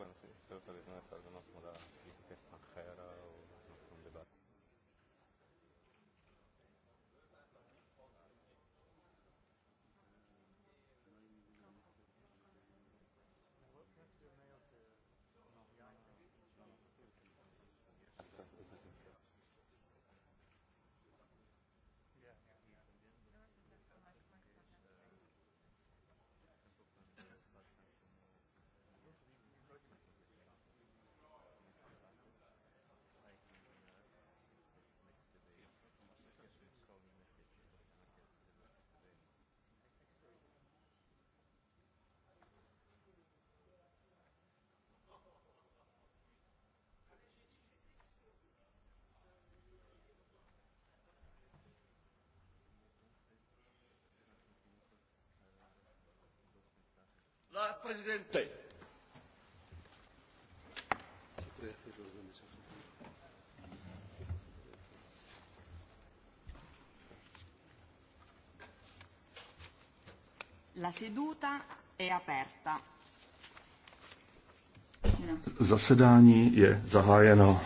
bueno, sí, pero se les no es algo, no es como la extranjera o la La seduta è aperta. Zasedání je zahájeno.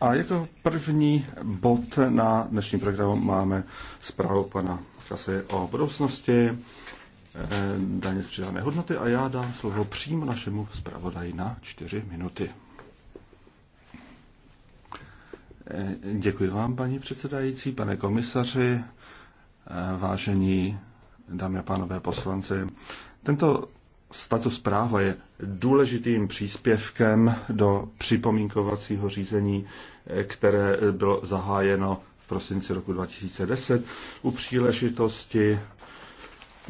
A jako první bod na dnešní programu máme zprávu pana Čase o budoucnosti Eh, daně z přidané hodnoty a já dám slovo přímo našemu zpravodaji na čtyři minuty. Eh, děkuji vám, paní předsedající, pane komisaři, eh, vážení dámy a pánové poslanci. Tento tato zpráva je důležitým příspěvkem do připomínkovacího řízení, které bylo zahájeno v prosinci roku 2010 u příležitosti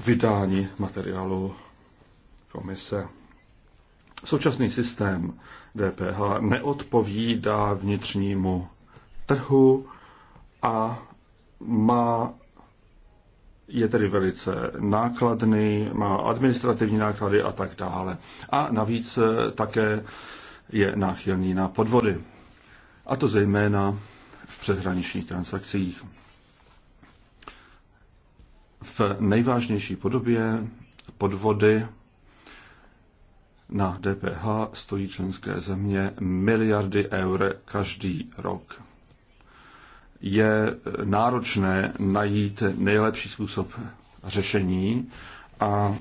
vydání materiálu komise. Současný systém DPH neodpovídá vnitřnímu trhu a má je tedy velice nákladný, má administrativní náklady a tak dále. A navíc také je náchylný na podvody. A to zejména v přeshraničních transakcích v nejvážnější podobě podvody na DPH stojí členské země miliardy eur každý rok. Je náročné najít nejlepší způsob řešení a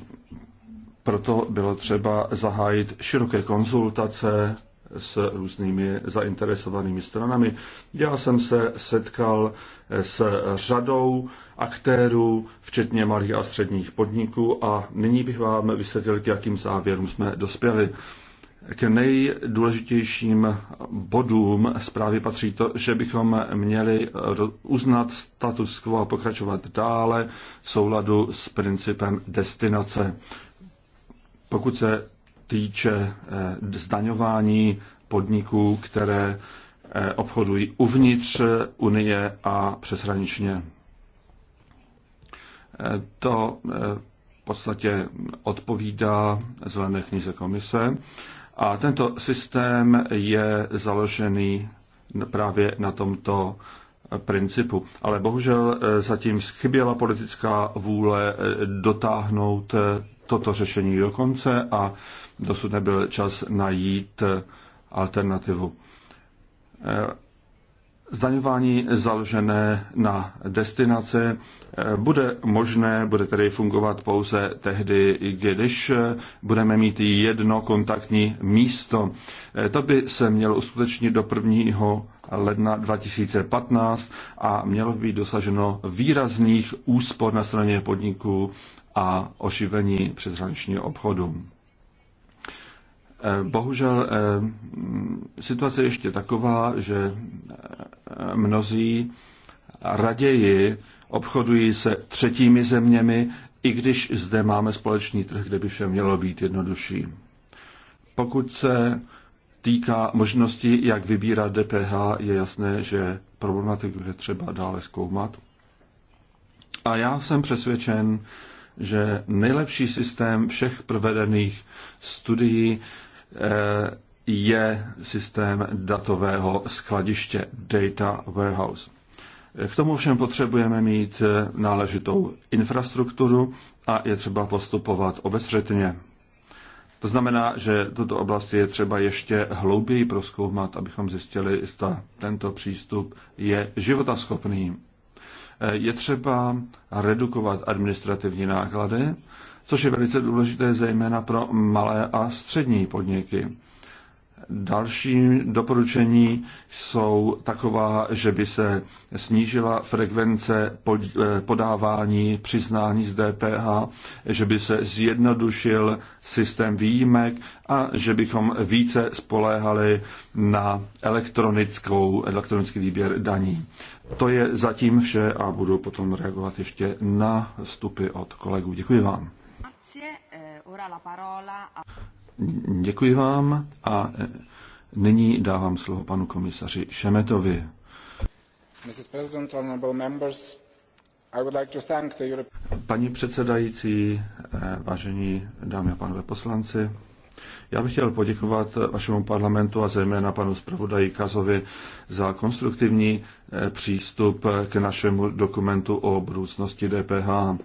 proto bylo třeba zahájit široké konzultace s různými zainteresovanými stranami. Já jsem se setkal s řadou aktérů, včetně malých a středních podniků a nyní bych vám vysvětlil, k jakým závěrům jsme dospěli. K nejdůležitějším bodům zprávy patří to, že bychom měli uznat status quo a pokračovat dále v souladu s principem destinace. Pokud se týče eh, zdaňování podniků, které eh, obchodují uvnitř Unie a přeshraničně. Eh, to v podstatě odpovídá zelené knize komise. A tento systém je založený právě na tomto principu. Ale bohužel zatím chyběla politická vůle dotáhnout toto řešení do konce a dosud nebyl čas najít alternativu. Eh, zdaňování založené na destinaci eh, bude možné, bude tedy fungovat pouze tehdy, když eh, budeme mít jedno kontaktní místo. To by se mělo uskutečnit do 1. ledna 2015 a mělo být dosaženo výrazných úspor na straně podniků a oživení přeshraničního obchodu. Eh, bohužel eh, situace je ještě taková, že eh, mnozí raději obchodují se třetími zeměmi, i když zde máme společný trh, kde by vše mělo být jednodušší. Pokud se týká možnosti, jak vybírat DPH, je jasné, že problematiku je třeba dále zkoumat. A já jsem přesvědčen, že nejlepší systém všech provedených studií Eh, je systém datového skladiště Data Warehouse. Eh, k tomu všem potřebujeme mít eh, náležitou infrastrukturu a je třeba postupovat obezřetně. To znamená, že tuto oblast je třeba ještě hlouběji proskoumat, abychom zjistili, jestli tento přístup je životaschopný. Je třeba redukovat administrativní náklady což je velice důležité zejména pro malé a střední podniky. Další doporučení jsou taková, že by se snížila frekvence eh, podávání přiznání z DPH, že by se zjednodušil systém výjimek a že bychom více spoléhali na elektronickou, elektronický výběr daní. To je zatím vše a budu potom reagovat ještě na vstupy od kolegů. Děkuji vám. Eh, Děkuji vám a eh, nyní dávám slovo panu komisaři Šemetovi. Paní předsedající, eh, vážení dámy a pánové poslanci, já bych chtěl poděkovat vašemu parlamentu a zejména panu zpravodaji Kazovi za konstruktivní přístup k našemu dokumentu o budoucnosti DPH.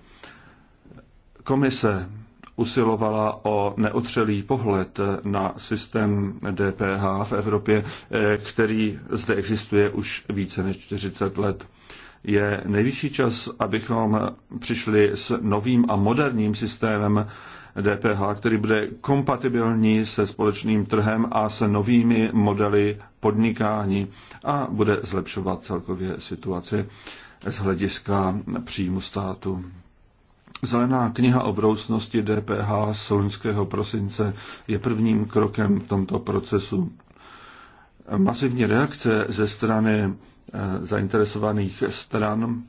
Komise usilovala o neotřelý pohled na systém DPH v Evropě, eh, který zde existuje už více než 40 let. Je nejvyšší čas, abychom přišli s novým a moderním systémem DPH, který bude kompatibilní se společným trhem a se novými modely podnikání a bude zlepšovat celkově situaci z hlediska příjmu státu. Zelená kniha o brousnosti DPH z loňského prosince je prvním krokem v tomto procesu. Masivní reakce ze strany eh, zainteresovaných stran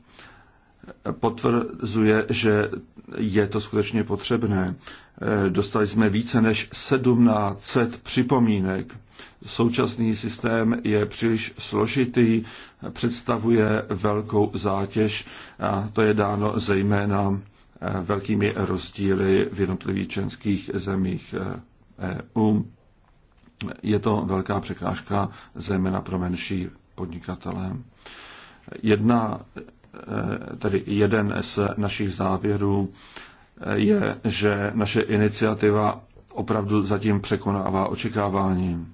eh, potvrzuje, že je to skutečně potřebné. Eh, dostali jsme více než 1700 připomínek. Současný systém je příliš složitý, představuje velkou zátěž a to je dáno zejména Eh, velkými rozdíly v jednotlivých členských zemích EU. Eh, e je to velká překážka zejména pro menší podnikatele. Jedna, eh, tedy jeden z našich závěrů je, že naše iniciativa opravdu zatím překonává očekávání.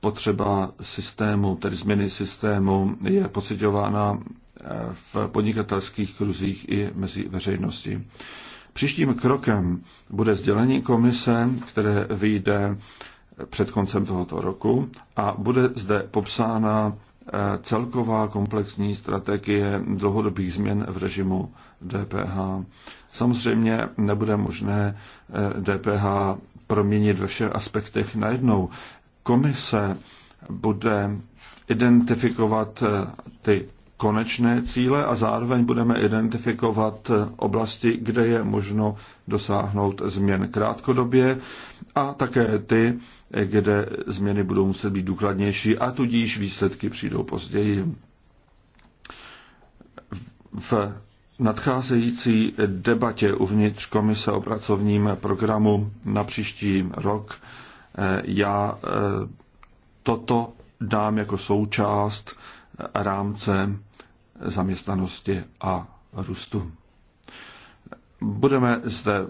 Potřeba systému, tedy změny systému, je pocitována v podnikatelských kruzích i mezi veřejností. Příštím krokem bude sdělení komise, které vyjde před koncem tohoto roku a bude zde popsána eh, celková komplexní strategie dlouhodobých změn v režimu DPH. Samozřejmě nebude možné DPH eh, proměnit ve všech aspektech najednou. Komise bude identifikovat eh, ty konečné cíle a zároveň budeme identifikovat oblasti, kde je možno dosáhnout změn krátkodobě a také ty, kde změny budou muset být důkladnější a tudíž výsledky přijdou později. V nadcházející debatě uvnitř Komise o pracovním programu na příští rok eh, já eh, toto dám jako součást rámce zaměstnanosti a růstu. Budeme zde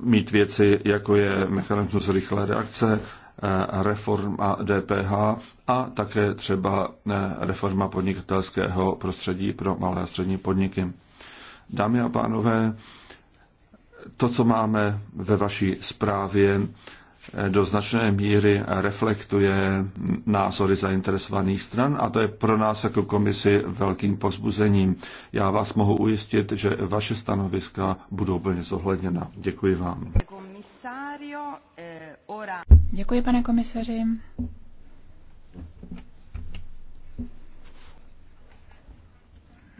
mít věci, jako je mechanismus rychlé reakce, eh, reforma DPH a také třeba eh, reforma podnikatelského prostředí pro malé a střední podniky. Dámy a pánové, to, co máme ve vaší zprávě, do značné míry reflektuje názory zainteresovaných stran a to je pro nás jako komisi velkým pozbuzením. Já vás mohu ujistit, že vaše stanoviska budou plně zohledněna. Děkuji vám. Eh, Děkuji, pane komisaři.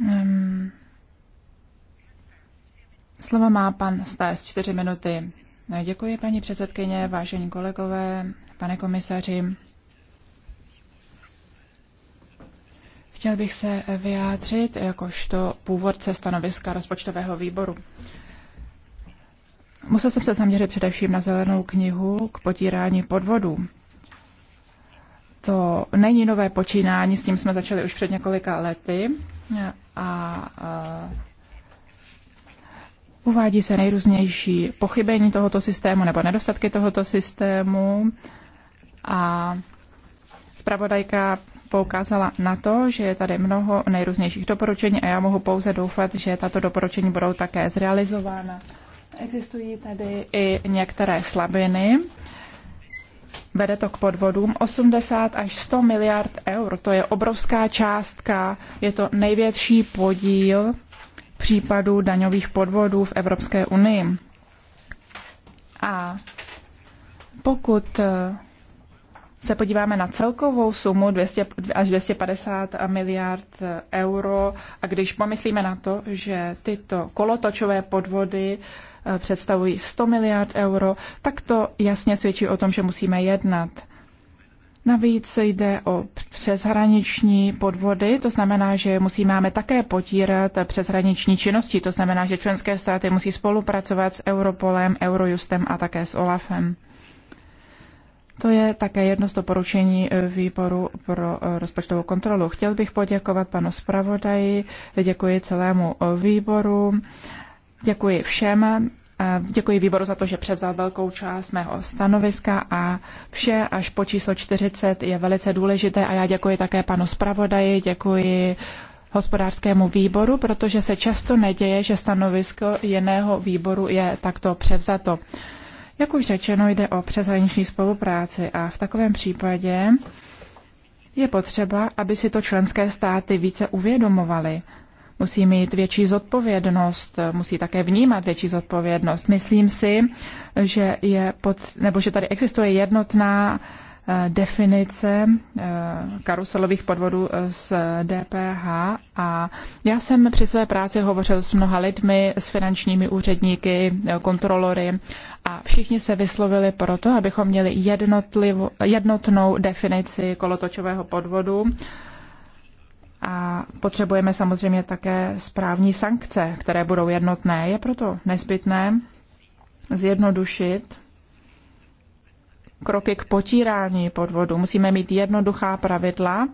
Ehm, slovo má pan z čtyři minuty. Děkuji, paní předsedkyně, vážení kolegové, pane komisaři. Chtěl bych se vyjádřit jakožto původce stanoviska rozpočtového výboru. Musel jsem se zaměřit především na zelenou knihu k potírání podvodů. To není nové počínání, s tím jsme začali už před několika lety a, a Uvádí se nejrůznější pochybení tohoto systému nebo nedostatky tohoto systému a zpravodajka poukázala na to, že je tady mnoho nejrůznějších doporučení a já mohu pouze doufat, že tato doporučení budou také zrealizována. Existují tady i některé slabiny. Vede to k podvodům 80 až 100 miliard eur. To je obrovská částka, je to největší podíl případů daňových podvodů v Evropské unii. A pokud eh, se podíváme na celkovou sumu 200 až 250 miliard eh, euro a když pomyslíme na to, že tyto kolotočové podvody eh, představují 100 miliard euro, tak to jasně svědčí o tom, že musíme jednat. Navíc jde o přeshraniční podvody, to znamená, že musí máme také potírat přeshraniční činnosti, to znamená, že členské státy musí spolupracovat s Europolem, Eurojustem a také s OLAFem. To je také jedno z doporučení eh, výboru pro eh, rozpočtovou kontrolu. Chtěl bych poděkovat panu zpravodaji, děkuji celému eh, výboru, děkuji všem Eh, děkuji výboru za to, že převzal velkou část mého stanoviska a vše až po číslo 40 je velice důležité a já děkuji také panu zpravodaji, děkuji hospodářskému výboru, protože se často neděje, že stanovisko jiného výboru je takto převzato. Jak už řečeno, jde o přeshraniční spolupráci a v takovém případě je potřeba, aby si to členské státy více uvědomovaly, musí mít větší zodpovědnost, musí také vnímat větší zodpovědnost. Myslím si, že je pod, nebo že tady existuje jednotná eh, definice eh, karuselových podvodů z eh, DPH a já jsem při své práci hovořil s mnoha lidmi, s finančními úředníky, kontrolory a všichni se vyslovili proto, abychom měli jednotnou definici kolotočového podvodu a potřebujeme samozřejmě také správní sankce, které budou jednotné. Je proto nezbytné zjednodušit kroky k potírání podvodu. Musíme mít jednoduchá pravidla,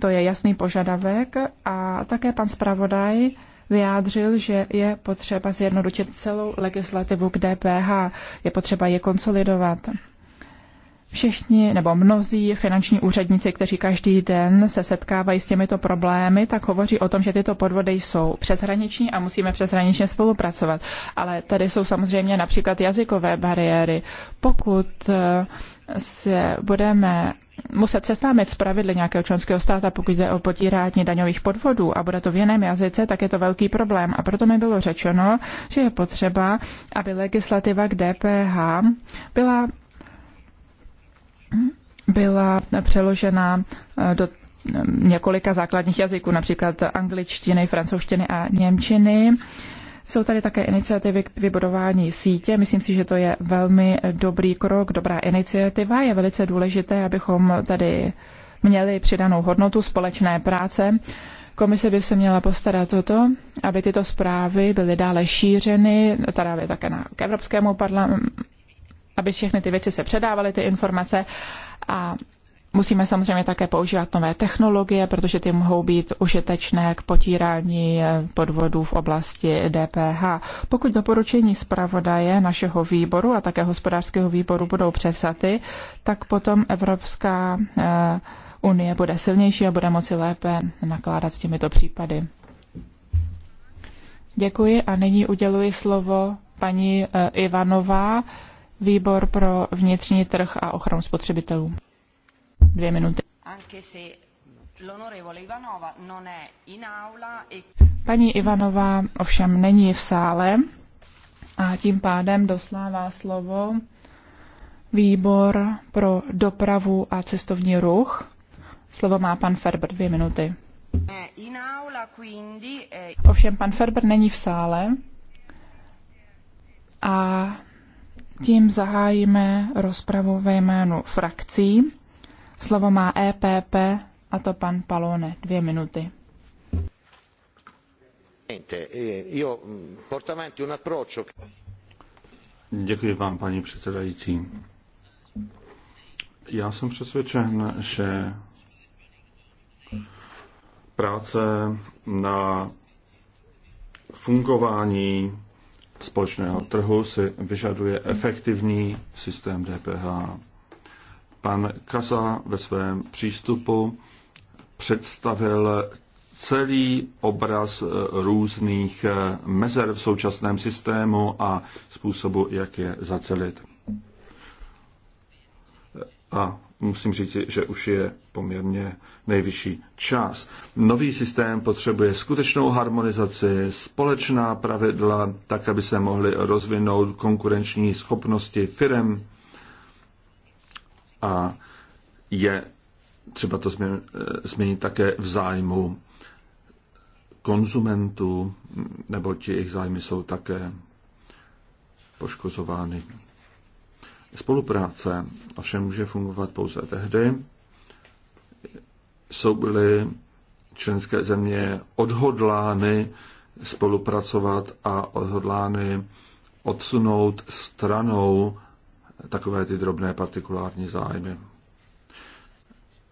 to je jasný požadavek a také pan zpravodaj vyjádřil, že je potřeba zjednodušit celou legislativu k DPH, je potřeba je konsolidovat všichni nebo mnozí finanční úředníci, kteří každý den se setkávají s těmito problémy, tak hovoří o tom, že tyto podvody jsou přeshraniční a musíme přeshraničně spolupracovat. Ale tady jsou samozřejmě například jazykové bariéry. Pokud eh, se budeme muset seznámit s pravidly nějakého členského státu, pokud jde o potírání daňových podvodů a bude to v jiném jazyce, tak je to velký problém. A proto mi bylo řečeno, že je potřeba, aby legislativa k DPH byla byla přeložena eh, do eh, několika základních jazyků, například angličtiny, francouzštiny a němčiny. Jsou tady také iniciativy k vybudování sítě. Myslím si, že to je velmi eh, dobrý krok, dobrá iniciativa. Je velice důležité, abychom tady měli přidanou hodnotu společné práce. Komise by se měla postarat o to, aby tyto zprávy byly dále šířeny, teda také na, k Evropskému parlamentu, aby všechny ty věci se předávaly, ty informace a Musíme samozřejmě také používat nové technologie, protože ty mohou být užitečné k potírání eh, podvodů v oblasti DPH. Pokud doporučení zpravodaje našeho výboru a také hospodářského výboru budou převzaty, tak potom Evropská eh, unie bude silnější a bude moci lépe nakládat s těmito případy. Děkuji a nyní uděluji slovo paní eh, Ivanová výbor pro vnitřní trh a ochranu spotřebitelů. Dvě minuty. E Paní Ivanová ovšem není v sále a tím pádem doslává slovo výbor pro dopravu a cestovní ruch. Slovo má pan Ferber dvě minuty. Eh, ovšem pan Ferber není v sále a tím zahájíme rozpravu ve jménu frakcí. Slovo má EPP a to pan Palone. Dvě minuty. E, mm, Děkuji vám, paní předsedající. Já jsem přesvědčen, že práce na fungování společného trhu si vyžaduje efektivní systém DPH. Pan Kasa ve svém přístupu představil celý obraz různých mezer v současném systému a způsobu, jak je zacelit. A musím říct, že už je poměrně nejvyšší čas. Nový systém potřebuje skutečnou harmonizaci, společná pravidla, tak, aby se mohly rozvinout konkurenční schopnosti firm a je třeba to změnit, eh, změnit také v zájmu konzumentů, ti jejich zájmy jsou také poškozovány. Spolupráce ovšem může fungovat pouze tehdy, jsou byly členské země odhodlány spolupracovat a odhodlány odsunout stranou takové ty drobné partikulární zájmy.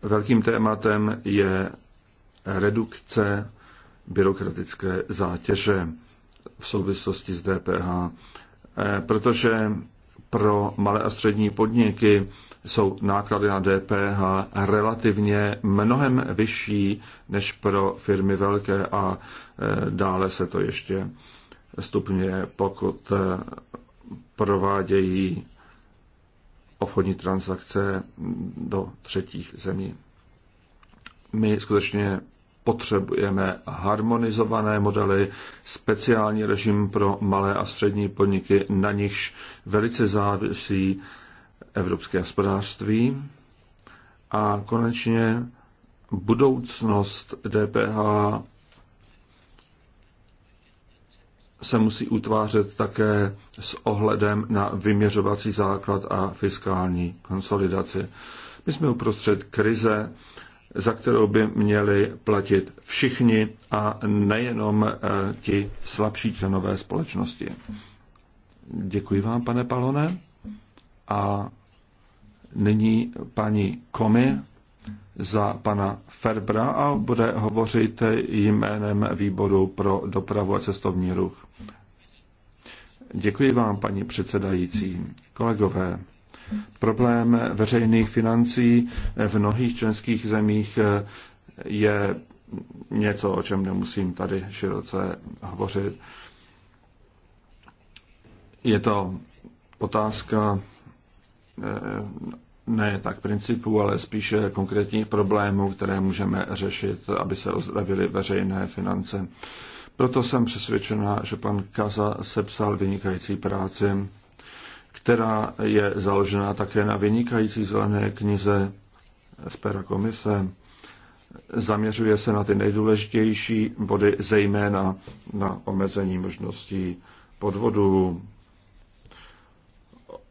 Velkým tématem je redukce byrokratické zátěže v souvislosti s DPH, eh, protože pro malé a střední podniky jsou náklady na DPH relativně mnohem vyšší než pro firmy velké a e, dále se to ještě stupňuje, pokud e, provádějí obchodní transakce do třetích zemí. My skutečně potřebujeme harmonizované modely, speciální režim pro malé a střední podniky, na nichž velice závisí evropské hospodářství. A konečně budoucnost DPH se musí utvářet také s ohledem na vyměřovací základ a fiskální konsolidaci. My jsme uprostřed krize, za kterou by měli platit všichni a nejenom eh, ti slabší členové společnosti. Děkuji vám, pane Palone. A nyní paní Komi za pana Ferbra a bude hovořit jménem výboru pro dopravu a cestovní ruch. Děkuji vám, paní předsedající. Kolegové, Problém veřejných financí v mnohých členských zemích eh, je něco, o čem nemusím tady široce hovořit. Je to otázka eh, ne tak principů, ale spíše konkrétních problémů, které můžeme řešit, aby se ozdravily veřejné finance. Proto jsem přesvědčena, že pan Kaza sepsal vynikající práci která je založena také na vynikající zelené knize z pera komise. Zaměřuje se na ty nejdůležitější body, zejména na omezení možností podvodů.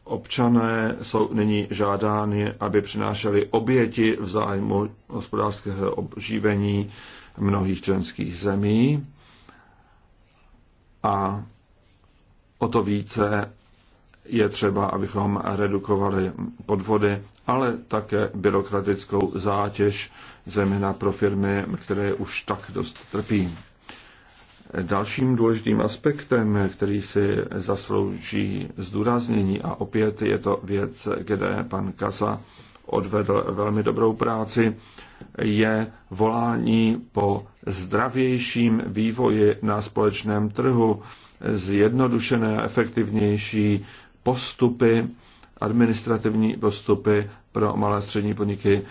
Občané jsou nyní žádány, aby přinášeli oběti v zájmu hospodářského obživení mnohých členských zemí a o to více je třeba, abychom redukovali podvody, ale také byrokratickou zátěž, zejména pro firmy, které už tak dost trpí. Dalším důležitým aspektem, který si zaslouží zdůraznění, a opět je to věc, kde pan Kasa odvedl velmi dobrou práci, je volání po zdravějším vývoji na společném trhu, zjednodušené a efektivnější postupy, administrativní postupy pro malé a střední podniky,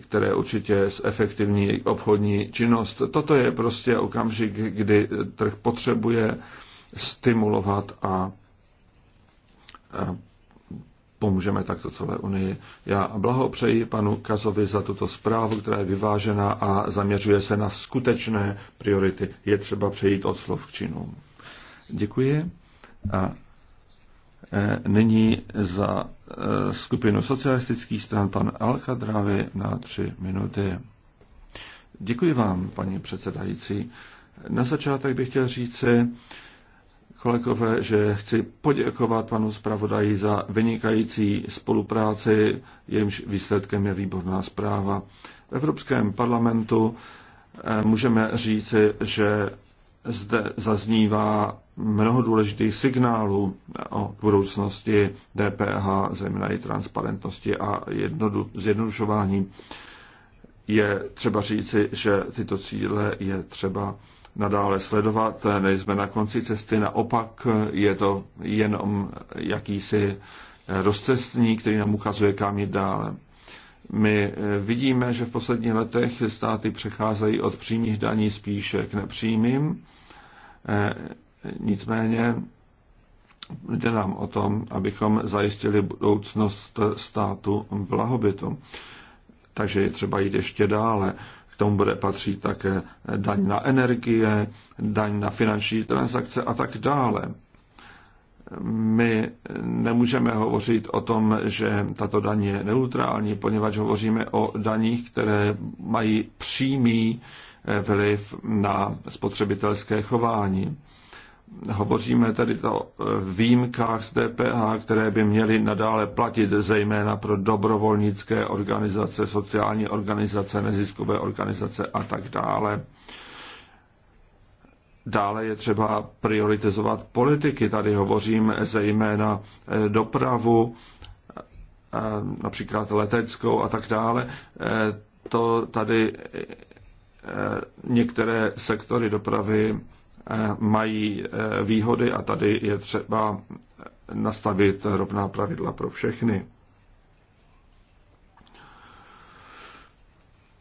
které určitě zefektivní obchodní činnost. Toto je prostě okamžik, kdy trh potřebuje stimulovat a pomůžeme takto celé Unii. Já blahopřeji panu Kazovi za tuto zprávu, která je vyvážená a zaměřuje se na skutečné priority. Je třeba přejít od slov k činům. Děkuji. A Eh, nyní za eh, skupinu socialistických stran pan Alchadrávy na tři minuty. Děkuji vám, paní předsedající. Na začátek bych chtěl říci, kolegové, že chci poděkovat panu zpravodaji za vynikající spolupráci, jejímž výsledkem je výborná zpráva. V Evropském parlamentu eh, můžeme říci, že zde zaznívá mnoho důležitých signálů o budoucnosti DPH, zejména i transparentnosti a jednodu, zjednodušování. Je třeba říci, že tyto cíle je třeba nadále sledovat. Nejsme na konci cesty, naopak je to jenom jakýsi rozcestní, který nám ukazuje, kam jít dále. My vidíme, že v posledních letech státy přecházejí od přímých daní spíše k nepřímým Nicméně jde nám o tom, abychom zajistili budoucnost státu blahobytu. Takže je třeba jít ještě dále. K tomu bude patřit také daň na energie, daň na finanční transakce a tak dále. My nemůžeme hovořit o tom, že tato daň je neutrální, poněvadž hovoříme o daních, které mají přímý vliv na spotřebitelské chování. Hovoříme tady o e, výjimkách z DPH, které by měly nadále platit zejména pro dobrovolnické organizace, sociální organizace, neziskové organizace a tak dále. Dále je třeba prioritizovat politiky. Tady hovořím zejména e, dopravu, e, například leteckou a tak dále. To tady některé sektory dopravy mají eh, výhody a tady je třeba nastavit rovná pravidla pro všechny.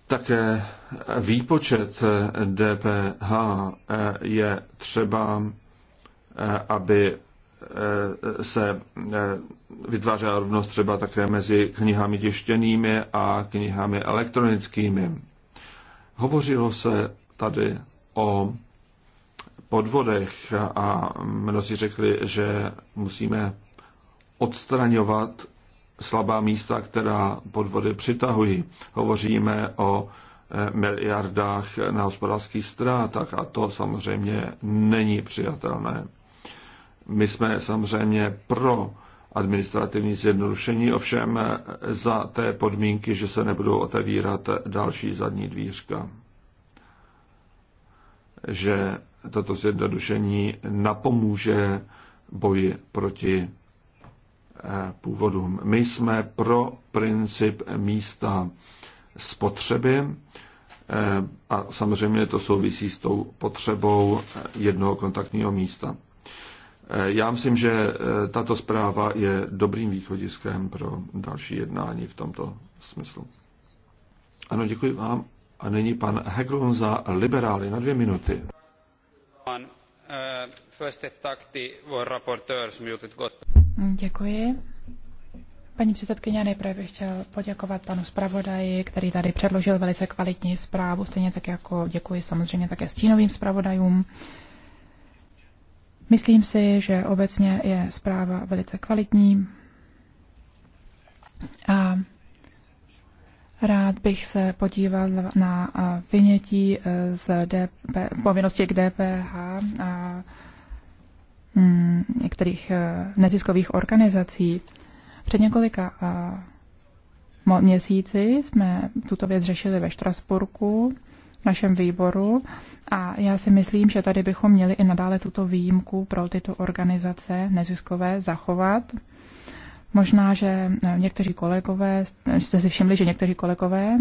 Také výpočet DPH eh, je třeba, eh, aby se vytvářela rovnost třeba také mezi knihami tištěnými a knihami elektronickými. Hovořilo se tady o podvodech a mnozí řekli, že musíme odstraňovat slabá místa, která podvody přitahují. Hovoříme o eh, miliardách na hospodářských ztrátách a to samozřejmě není přijatelné. My jsme samozřejmě pro administrativní zjednodušení, ovšem eh, za té podmínky, že se nebudou otevírat další zadní dvířka. Že toto zjednodušení napomůže boji proti eh, původům. My jsme pro princip místa spotřeby eh, a samozřejmě to souvisí s tou potřebou eh, jednoho kontaktního místa. Já myslím, že tato zpráva je dobrým východiskem pro další jednání v tomto smyslu. Ano, děkuji vám. A nyní pan Heglund za liberály na dvě minuty. Eh, děkuji. Paní předsedkyně, nejprve bych chtěl poděkovat panu zpravodaji, který tady předložil velice kvalitní zprávu, stejně tak jako děkuji samozřejmě také stínovým zpravodajům. Myslím si, že obecně je zpráva velice kvalitní a Rád bych se podíval na vynětí e, z DP, povinnosti k DPH a mm, některých e, neziskových organizací. Před několika měsíci jsme tuto věc řešili ve Štrasburku, v našem výboru, a já si myslím, že tady bychom měli i nadále tuto výjimku pro tyto organizace neziskové zachovat Možná, že eh, někteří kolegové, eh, jste si všimli, že někteří kolegové,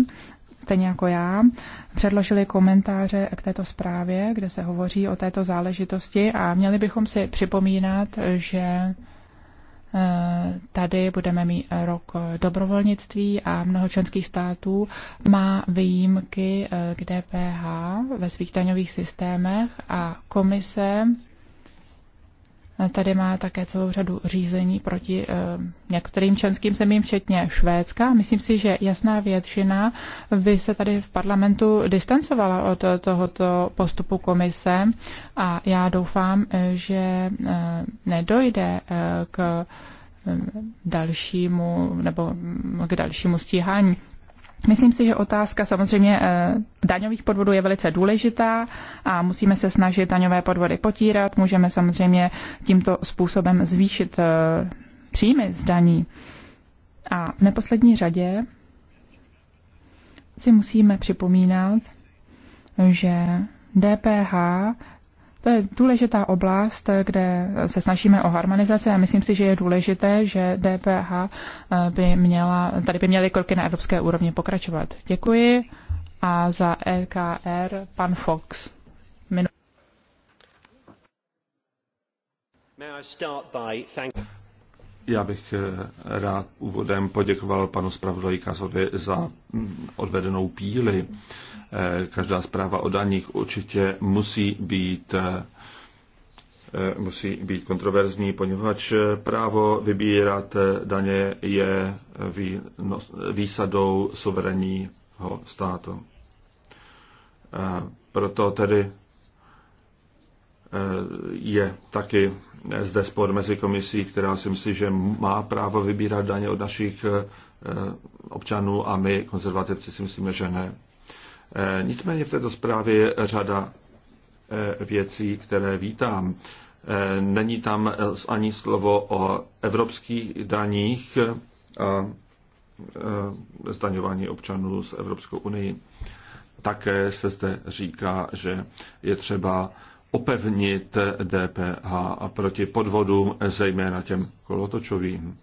stejně jako já, předložili komentáře k této zprávě, kde se hovoří o této záležitosti a měli bychom si připomínat, že eh, tady budeme mít rok dobrovolnictví a mnoho členských států má výjimky k DPH ve svých daňových systémech a komise Tady má také celou řadu řízení proti eh, některým členským zemím, včetně Švédska. Myslím si, že jasná většina by se tady v parlamentu distancovala od tohoto postupu komise a já doufám, že eh, nedojde eh, k dalšímu nebo mm, k dalšímu stíhání. Myslím si, že otázka samozřejmě eh, daňových podvodů je velice důležitá a musíme se snažit daňové podvody potírat. Můžeme samozřejmě tímto způsobem zvýšit eh, příjmy z daní. A v neposlední řadě si musíme připomínat, že DPH to je důležitá oblast, kde se snažíme o harmonizaci a myslím si, že je důležité, že DPH eh, by měla, tady by měly kroky na evropské úrovni pokračovat. Děkuji a za EKR pan Fox. Minu- já bych eh, rád úvodem poděkoval panu zpravodaji Kazovi za mm, odvedenou píli. Eh, každá zpráva o daních určitě musí být eh, musí být kontroverzní, poněvadž právo vybírat daně je výsadou suverénního státu. Eh, proto tedy je taky zde spor mezi komisí, která si myslí, že má právo vybírat daně od našich občanů a my, konzervativci, si myslíme, že ne. Eh, nicméně v této zprávě je řada eh, věcí, které vítám. Eh, není tam ani slovo o evropských daních a zdaňování občanů z Evropskou unii. Také se zde říká, že je třeba opevnit DPH a proti podvodům, zejména těm kolotočovým.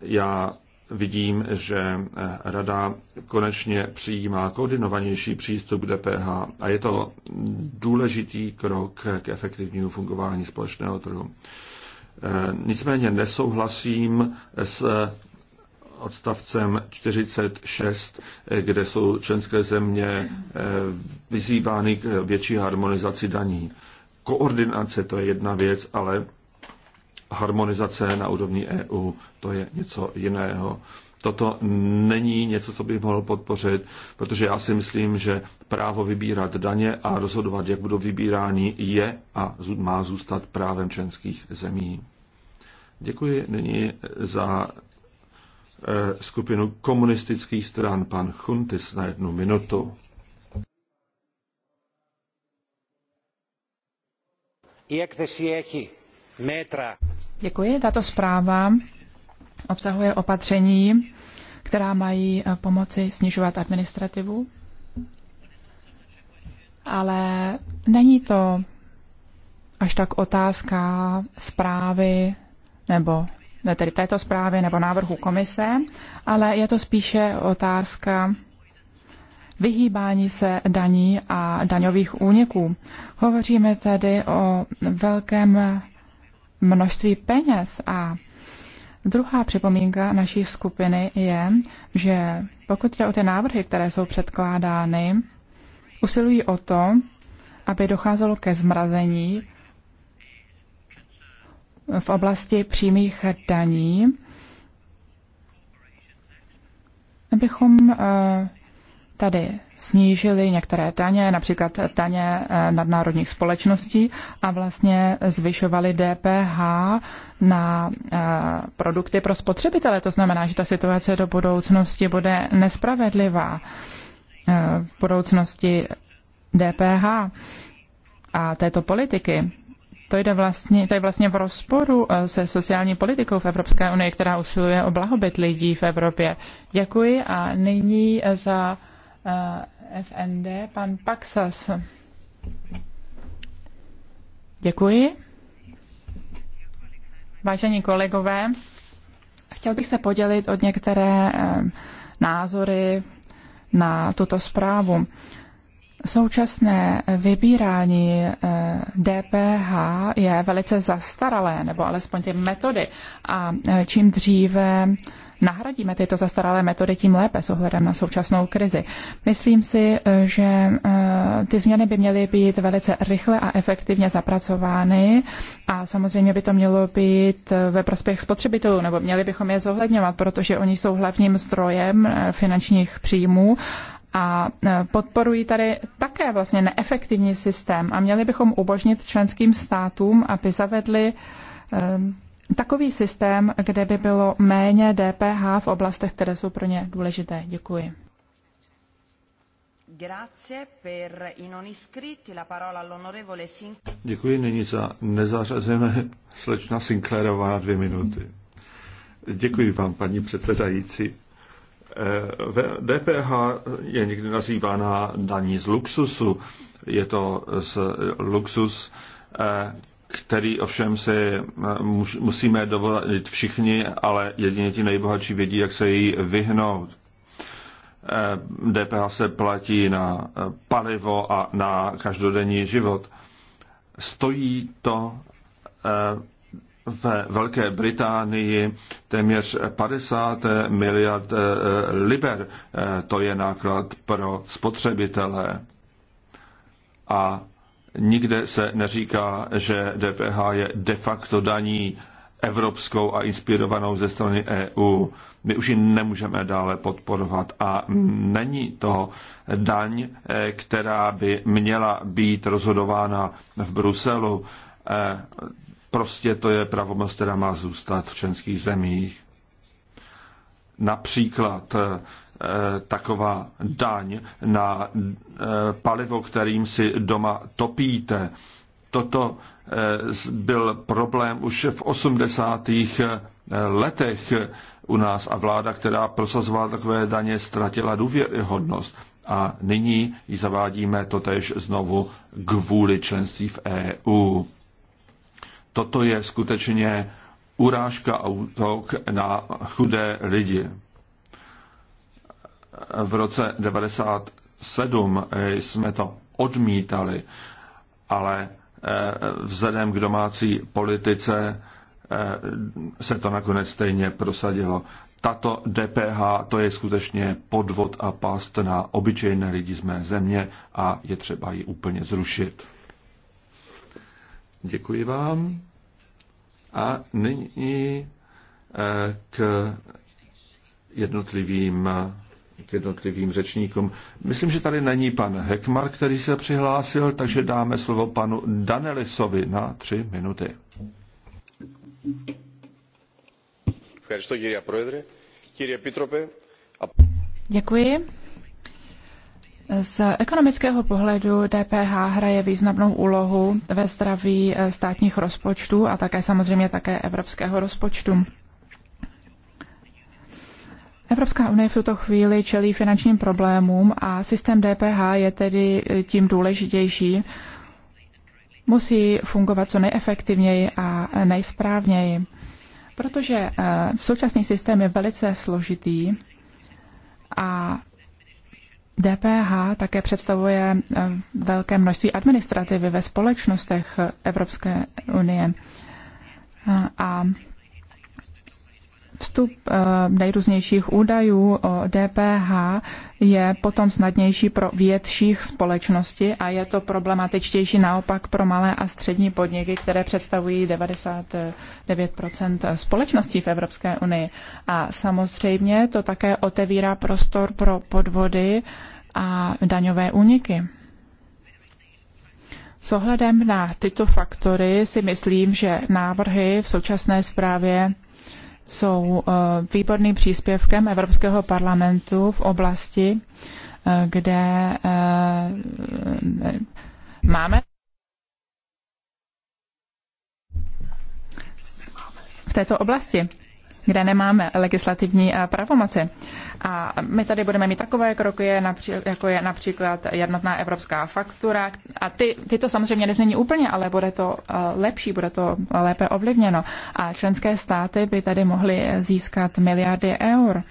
Já vidím, že eh, Rada konečně přijímá koordinovanější přístup k DPH a je to důležitý krok k efektivnímu fungování společného trhu. Eh, nicméně nesouhlasím s odstavcem 46, kde jsou členské země eh, vyzývány k větší harmonizaci daní. Koordinace to je jedna věc, ale harmonizace na úrovni EU, to je něco jiného. Toto není něco, co bych mohl podpořit, protože já si myslím, že právo vybírat daně a rozhodovat, jak budou vybírání, je a má zůstat právem členských zemí. Děkuji nyní za eh, skupinu komunistických stran pan Chuntis na jednu minutu. to si έχει metra. Děkuji. Tato zpráva obsahuje opatření, která mají eh, pomoci snižovat administrativu, ale není to až tak otázka zprávy nebo ne tedy této zprávy nebo návrhu komise, ale je to spíše otázka vyhýbání se daní a daňových úniků. Hovoříme tedy o velkém množství peněz. A druhá připomínka naší skupiny je, že pokud jde o ty návrhy, které jsou předkládány, usilují o to, aby docházelo ke zmrazení v oblasti přímých daní, abychom eh, tady snížili některé daně, například daně eh, nadnárodních společností a vlastně zvyšovali DPH na eh, produkty pro spotřebitele. To znamená, že ta situace do budoucnosti bude nespravedlivá. Eh, v budoucnosti DPH a této politiky. To, jde vlastně, to je vlastně v rozporu se sociální politikou v Evropské unii, která usiluje o blahobyt lidí v Evropě. Děkuji a nyní za Eh, FND, pan Paxas. Děkuji. Vážení kolegové, chtěl bych se podělit od některé eh, názory na tuto zprávu. Současné vybírání DPH eh, je velice zastaralé, nebo alespoň ty metody. A čím dříve nahradíme tyto zastaralé metody, tím lépe s ohledem na současnou krizi. Myslím si, eh, že eh, ty změny by měly být velice rychle a efektivně zapracovány a samozřejmě by to mělo být eh, ve prospěch spotřebitelů, nebo měli bychom je zohledňovat, protože oni jsou hlavním zdrojem finančních příjmů a podporují tady také vlastně neefektivní systém a měli bychom ubožnit členským státům, aby zavedli takový systém, kde by bylo méně DPH v oblastech, které jsou pro ně důležité. Děkuji. Děkuji nyní za nezařazené slečna Sinclairová na dvě minuty. Děkuji vám, paní předsedající. DPH eh, je někdy nazývána daní z luxusu. Je to z luxus, eh, který ovšem se eh, musíme dovolit všichni, ale jedině ti nejbohatší vědí, jak se jí vyhnout. DPH eh, se platí na eh, palivo a na každodenní život. Stojí to ve Velké Británii téměř 50 miliard liber. To je náklad pro spotřebitele. A Nikde se neříká, že DPH je de facto daní evropskou a inspirovanou ze strany EU. My už ji nemůžeme dále podporovat a není to daň, eh, která by měla být rozhodována v Bruselu. Eh, prostě to je pravomoc, která má zůstat v členských zemích. Například eh, Eh, taková daň na eh, palivo, kterým si doma topíte. Toto eh, byl problém už v 80. letech u nás a vláda, která prosazovala takové daně, ztratila důvěryhodnost. A nyní ji zavádíme totež znovu kvůli členství v EU. Toto je skutečně urážka a útok na chudé lidi. V roce 97 jsme to odmítali, ale eh, vzhledem k domácí politice eh, se to nakonec stejně prosadilo. Tato DPH to je skutečně podvod a past na obyčejné lidi z mé země a je třeba ji úplně zrušit. Děkuji vám. A nyní eh, k jednotlivým k jednotlivým řečníkům. Myslím, že tady není pan Hekmar, který se přihlásil, takže dáme slovo panu Danelisovi na tři minuty. Děkuji. Z ekonomického pohledu DPH hraje významnou úlohu ve zdraví státních rozpočtů a také samozřejmě také evropského rozpočtu. Evropská unie v tuto chvíli čelí finančním problémům a systém DPH je tedy e, tím důležitější. Musí fungovat co nejefektivněji a nejsprávněji, protože v e, současný systém je velice složitý a DPH také představuje e, velké množství administrativy ve společnostech Evropské unie. A Vstup eh, nejrůznějších údajů o DPH je potom snadnější pro větších společnosti a je to problematičtější naopak pro malé a střední podniky, které představují 99 společností v Evropské unii. A samozřejmě to také otevírá prostor pro podvody a daňové úniky. S ohledem na tyto faktory si myslím, že návrhy v současné zprávě jsou eh, výborným příspěvkem Evropského parlamentu v oblasti, eh, kde eh, máme v této oblasti kde nemáme legislativní eh, pravomoci. A my tady budeme mít takové kroky, jako je například jednotná evropská faktura. A ty, ty to samozřejmě nezmění úplně, ale bude to eh, lepší, bude to lépe ovlivněno. A členské státy by tady mohly získat miliardy eur.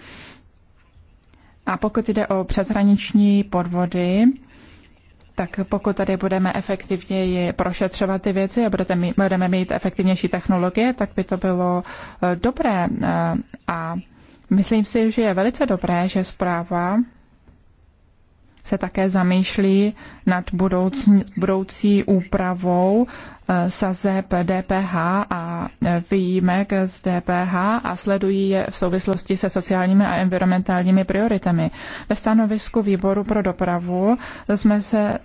A pokud jde o přeshraniční podvody, tak pokud tady budeme efektivněji prošetřovat ty věci a budete mít, budeme mít efektivnější technologie, tak by to bylo eh, dobré. Eh, a myslím si, že je velice dobré, že zpráva se také zamýšlí nad budoucí, budoucí úpravou sazeb DPH a výjimek z DPH a sledují je v souvislosti se sociálními a environmentálními prioritami. Ve stanovisku výboru pro dopravu jsme se eh,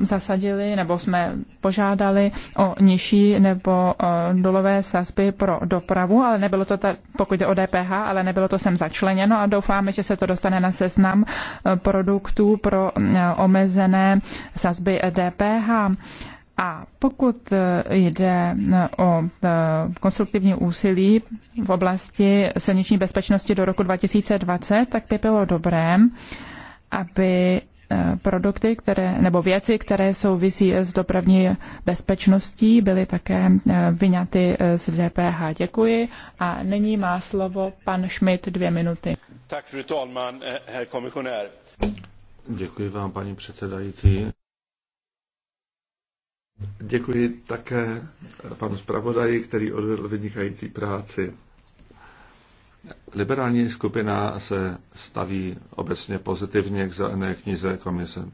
zasadili nebo jsme požádali o nižší nebo dolové eh, sazby pro dopravu, ale nebylo to, ta, pokud jde o DPH, ale nebylo to sem začleněno a doufáme, že se to dostane na seznam eh, produktů pro omezené sazby DPH. A pokud e, jde e, o e, konstruktivní úsilí v oblasti silniční bezpečnosti do roku 2020, tak by bylo dobré, aby produkty, které, nebo věci, které souvisí s dopravní bezpečností, byly také vyňaty z DPH. Děkuji. A nyní má slovo pan Schmidt dvě minuty. Tak, fru herr Děkuji vám, paní předsedající. Děkuji také panu zpravodaji, který odvedl vynikající práci. Liberální skupina se staví obecně pozitivně k zelené knize komise.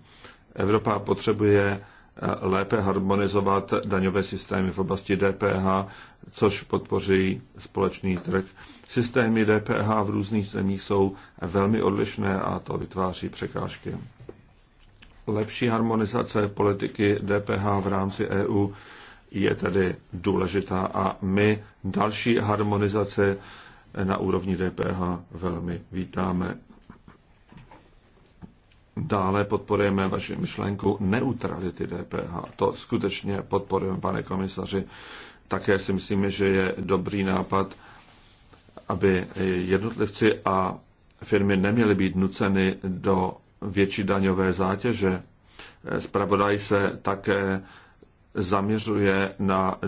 Evropa potřebuje eh, lépe harmonizovat daňové systémy v oblasti DPH, což podpoří společný trh. Systémy DPH v různých zemích jsou velmi odlišné a to vytváří překážky lepší harmonizace politiky DPH v rámci EU je tedy důležitá a my další harmonizace na úrovni DPH velmi vítáme. Dále podporujeme vaši myšlenku neutrality DPH. To skutečně podporujeme, pane komisaři. Také si myslíme, že je dobrý nápad, aby jednotlivci a firmy neměly být nuceny do větší daňové zátěže. Spravodaj se také zaměřuje na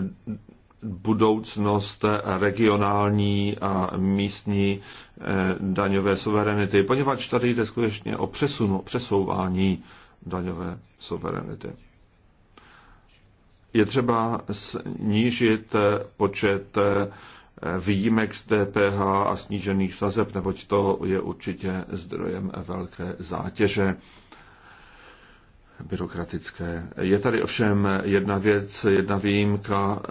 budoucnost regionální a místní eh, daňové suverenity, poněvadž tady jde skutečně o přesunu, přesouvání daňové suverenity. Je třeba snížit eh, počet eh, výjimek z DPH a snížených sazeb, neboť to je určitě zdrojem velké zátěže byrokratické. Je tady ovšem jedna věc, jedna výjimka,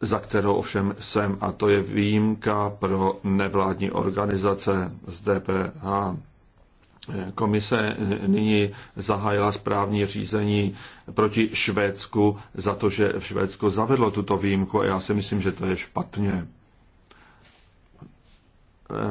za kterou ovšem jsem, a to je výjimka pro nevládní organizace z DPH. Komise nyní zahájila správní řízení proti Švédsku za to, že švédsko zavedlo tuto výjimku a já si myslím, že to je špatně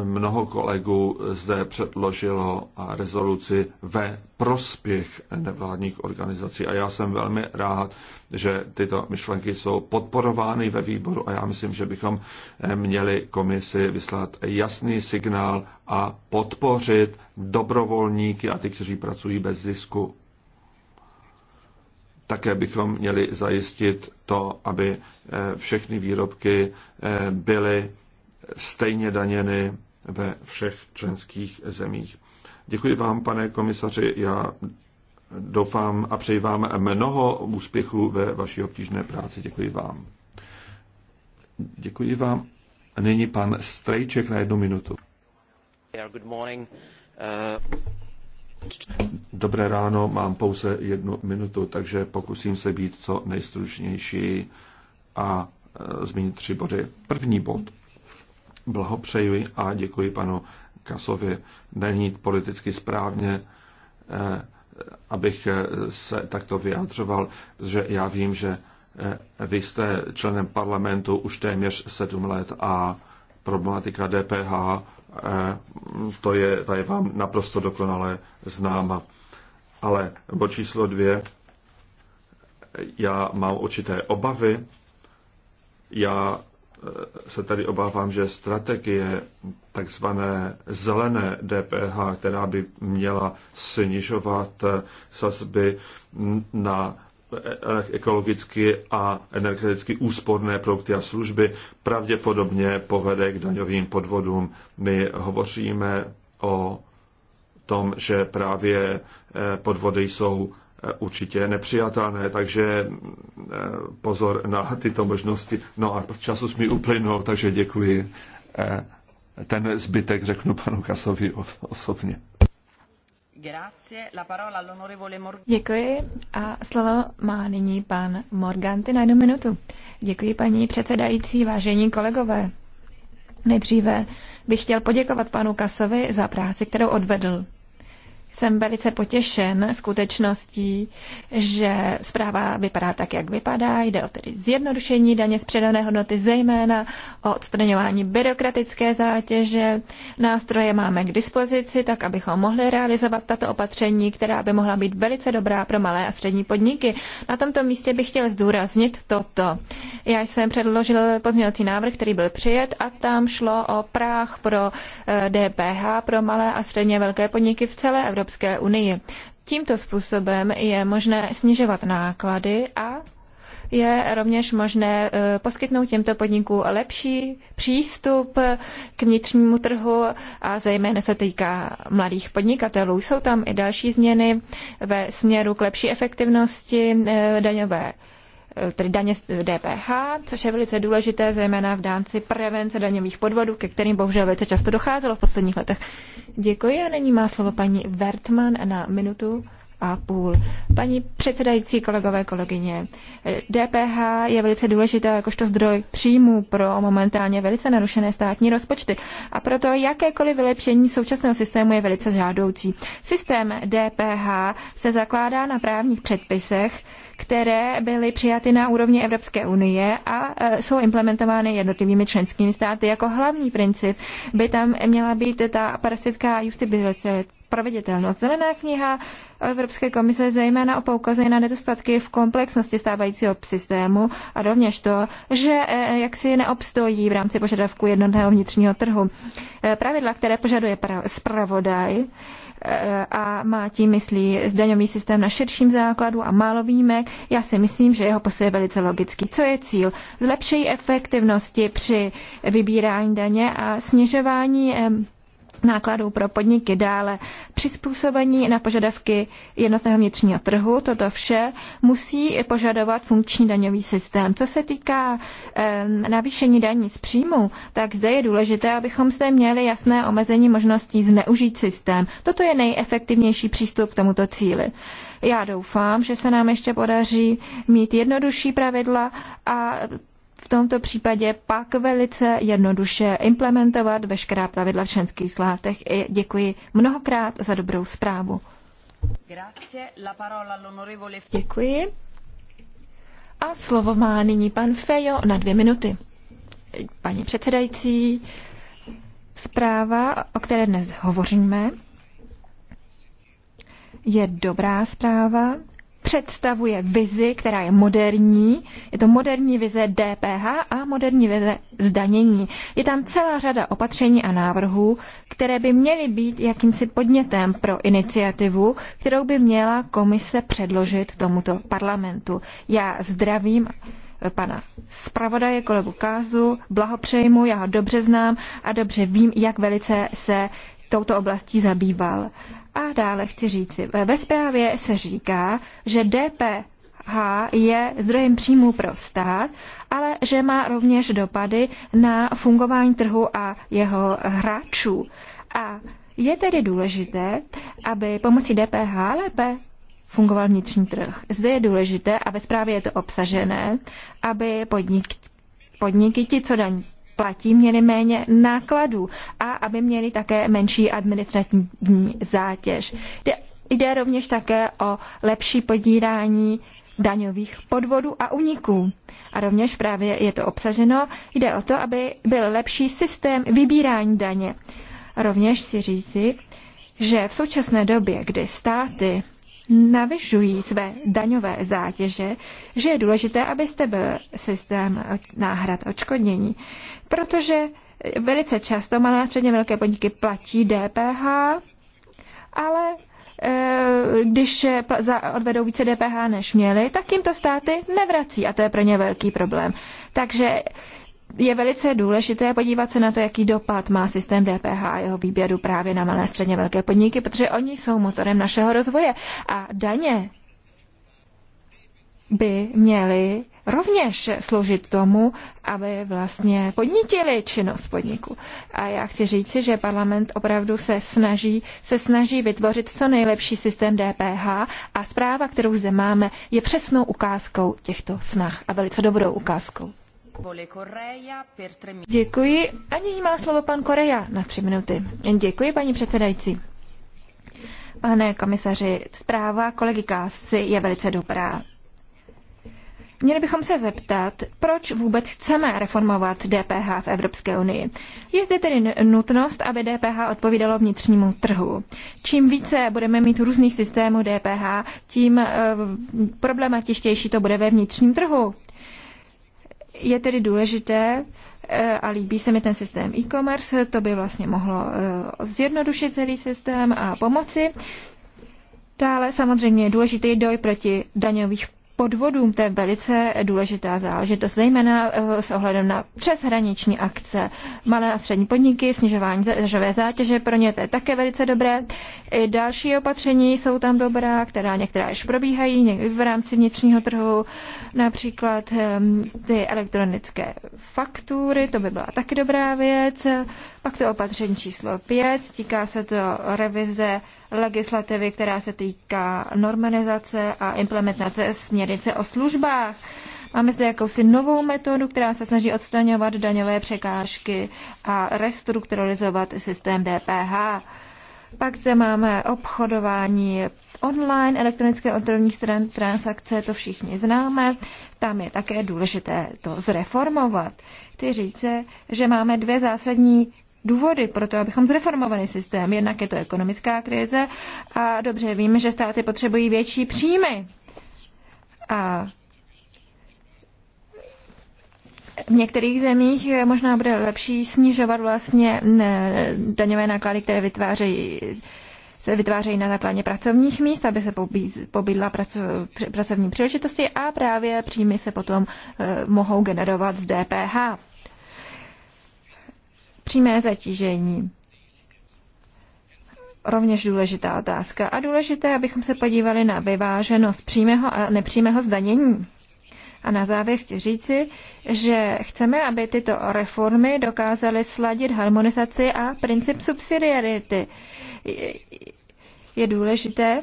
mnoho kolegů zde předložilo rezoluci ve prospěch nevládních organizací a já jsem velmi rád, že tyto myšlenky jsou podporovány ve výboru a já myslím, že bychom eh, měli komisi vyslat jasný signál a podpořit dobrovolníky a ty, kteří pracují bez zisku. Také bychom měli zajistit to, aby eh, všechny výrobky eh, byly stejně daněny ve všech členských zemích. Děkuji vám, pane komisaři. Já doufám a přeji vám mnoho úspěchů ve vaší obtížné práci. Děkuji vám. Děkuji vám. Nyní pan Strejček na jednu minutu. Uh, Dobré ráno, mám pouze jednu minutu, takže pokusím se být co nejstručnější a e, zmínit tři body. První bod blahopřeji a děkuji panu Kasovi. Není politicky správně, eh, abych eh, se takto vyjádřoval, že já vím, že eh, vy jste členem parlamentu už téměř sedm let a problematika DPH, to je, ta je vám naprosto dokonale známa. Ale bod číslo dvě, já mám určité obavy, já Eh, se tady obávám, že strategie takzvané zelené DPH, která by měla snižovat eh, sazby na eh, ekologicky a energeticky úsporné produkty a služby, pravděpodobně povede k daňovým podvodům. My hovoříme o tom, že právě podvody jsou určitě nepřijatelné, takže eh, pozor na tyto možnosti. No a času mi uplynul, takže děkuji. Eh, ten zbytek řeknu panu Kasovi osobně. Děkuji a slovo má nyní pan Morganti na jednu minutu. Děkuji paní předsedající, vážení kolegové. Nejdříve bych chtěl poděkovat panu Kasovi za práci, kterou odvedl jsem velice potěšen skutečností, že zpráva vypadá tak, jak vypadá. Jde o tedy zjednodušení daně z předané hodnoty, zejména o odstraňování byrokratické zátěže. Nástroje máme k dispozici, tak abychom mohli realizovat tato opatření, která by mohla být velice dobrá pro malé a střední podniky. Na tomto místě bych chtěl zdůraznit toto. Já jsem předložil pozměňovací návrh, který byl přijet, a tam šlo o práh pro DPH eh, pro malé a středně velké podniky v celé Evropě. Evropské unii. Tímto způsobem je možné snižovat náklady a je rovněž možné eh, poskytnout těmto podnikům lepší přístup k vnitřnímu trhu a zejména se týká mladých podnikatelů. Jsou tam i další změny ve směru k lepší efektivnosti eh, daňové Eh, tedy daně z DPH, což je velice důležité, zejména v dánci prevence daňových podvodů, ke kterým bohužel velice často docházelo v posledních letech. Děkuji a nyní má slovo paní Vertman na minutu a půl. Paní předsedající, kolegové, kolegyně, DPH je velice důležitá jakožto zdroj příjmů pro momentálně velice narušené státní rozpočty a proto jakékoliv vylepšení současného systému je velice žádoucí. Systém DPH se zakládá na právních předpisech, které byly přijaty na úrovni Evropské unie a e, jsou implementovány jednotlivými členskými státy. Jako hlavní princip by tam měla být ta parasitická justice proveditelnost. Zelená kniha Evropské komise zejména poukazuje na nedostatky v komplexnosti stávajícího systému a rovněž to, že e, jaksi neobstojí v rámci požadavku jednotného vnitřního trhu. E, pravidla, které požaduje spravodaj, a má tím myslí zdaňový systém na širším základu a málo výjimek. Já si myslím, že jeho postoj je velice logický. Co je cíl? Zlepšení efektivnosti při vybírání daně a snižování nákladů pro podniky, dále přizpůsobení na požadavky jednotného vnitřního trhu. Toto vše musí požadovat funkční daňový systém. Co se týká eh, navýšení daní z příjmu, tak zde je důležité, abychom zde měli jasné omezení možností zneužít systém. Toto je nejefektivnější přístup k tomuto cíli. Já doufám, že se nám ještě podaří mít jednodušší pravidla a v tomto případě pak velice jednoduše implementovat veškerá pravidla v členských státech. Děkuji mnohokrát za dobrou zprávu. Děkuji. A slovo má nyní pan Fejo na dvě minuty. Paní předsedající, zpráva, o které dnes hovoříme, je dobrá zpráva, představuje vizi, která je moderní. Je to moderní vize DPH a moderní vize zdanění. Je tam celá řada opatření a návrhů, které by měly být jakýmsi podnětem pro iniciativu, kterou by měla komise předložit tomuto parlamentu. Já zdravím eh, pana zpravodaje, kolegu Kázu, blahopřeji mu, já ho dobře znám a dobře vím, jak velice se touto oblastí zabýval. A dále chci říci, ve zprávě se říká, že DPH je zdrojem příjmů pro stát, ale že má rovněž dopady na fungování trhu a jeho hráčů. A je tedy důležité, aby pomocí DPH lépe fungoval vnitřní trh. Zde je důležité, a ve zprávě je to obsažené, aby podnik, podniky ti, co daň platí, měli méně nákladů a aby měli také menší administrativní zátěž. Jde rovněž také o lepší podírání daňových podvodů a uniků. A rovněž právě je to obsaženo, jde o to, aby byl lepší systém vybírání daně. Rovněž si říci, že v současné době, kdy státy navyšují své daňové zátěže, že je důležité, abyste byl systém náhrad odškodnění. Protože velice často malé a středně velké podniky platí DPH, ale eh, když odvedou více DPH než měli, tak jim to státy nevrací a to je pro ně velký problém. Takže je velice důležité podívat se na to, jaký dopad má systém DPH a jeho výběru právě na malé středně velké podniky, protože oni jsou motorem našeho rozvoje a daně by měly rovněž sloužit tomu, aby vlastně podnítili činnost podniku. A já chci říci, že parlament opravdu se snaží, se snaží vytvořit co nejlepší systém DPH a zpráva, kterou zde máme, je přesnou ukázkou těchto snah a velice dobrou ukázkou. Děkuji. A nyní má slovo pan Koreja na tři minuty. Děkuji, paní předsedající. Pane komisaři, zpráva kolegy Kásy je velice dobrá. Měli bychom se zeptat, proč vůbec chceme reformovat DPH v Evropské unii. Je zde tedy nutnost, aby DPH odpovídalo vnitřnímu trhu. Čím více budeme mít různých systémů DPH, tím eh, problematičtější to bude ve vnitřním trhu. Je tedy důležité, eh, a líbí se mi ten systém e-commerce, to by vlastně mohlo eh, zjednodušit celý systém a pomoci. Dále samozřejmě je důležitý doj proti daňových podvodům. To je velice důležitá záležitost, zejména eh, s ohledem na přeshraniční akce. Malé a střední podniky, snižování žové zátěže, pro ně to je také velice dobré. I další opatření jsou tam dobrá, která některá již probíhají někdy v rámci vnitřního trhu, například ehm, ty elektronické faktury, to by byla taky dobrá věc. Pak to opatření číslo 5, týká se to revize legislativy, která se týká normalizace a implementace směrnice o službách. Máme zde jakousi novou metodu, která se snaží odstraňovat daňové překážky a restrukturalizovat systém DPH. Pak zde máme obchodování online, elektronické odrovní stran transakce, to všichni známe. Tam je také důležité to zreformovat. Chci říct, že máme dvě zásadní důvody pro to, abychom zreformovali systém. Jednak je to ekonomická krize a dobře víme, že státy potřebují větší příjmy. A v některých zemích možná bude lepší snižovat vlastně eh, daňové náklady, které vytvářejí se vytvářejí na základě pracovních míst, aby se pobídla pracovní příležitosti a právě příjmy se potom eh, mohou generovat z DPH. Přímé zatížení. Rovněž důležitá otázka. A důležité, abychom se podívali na vyváženost přímého a nepřímého zdanění. A na závěr chci říci, že chceme, aby tyto reformy dokázaly sladit harmonizaci a princip subsidiarity. Je důležité,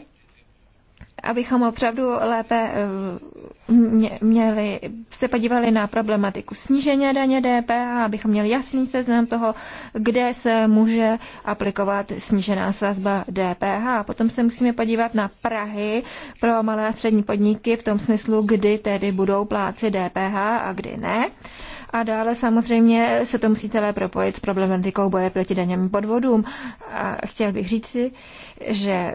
abychom opravdu lépe eh, měli, se podívali na problematiku snížení daně DPH, abychom měli jasný seznam toho, kde se může aplikovat snížená sazba DPH. Potom se musíme podívat na Prahy pro malé a střední podniky v tom smyslu, kdy tedy budou pláci DPH a kdy ne. A dále samozřejmě se to musí celé propojit s problematikou boje proti daněm podvodům. A chtěl bych říci, že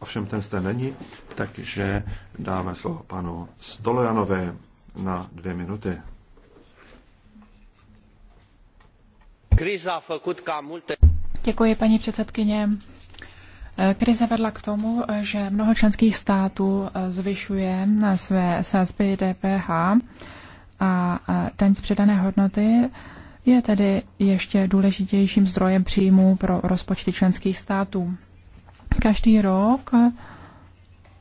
ovšem ten zde není, takže dáme slovo panu Stolojanové na dvě minuty. Děkuji, paní předsedkyně. Krize vedla k tomu, že mnoho členských států zvyšuje na své sazby DPH a ten z přidané hodnoty je tedy ještě důležitějším zdrojem příjmů pro rozpočty členských států. Každý rok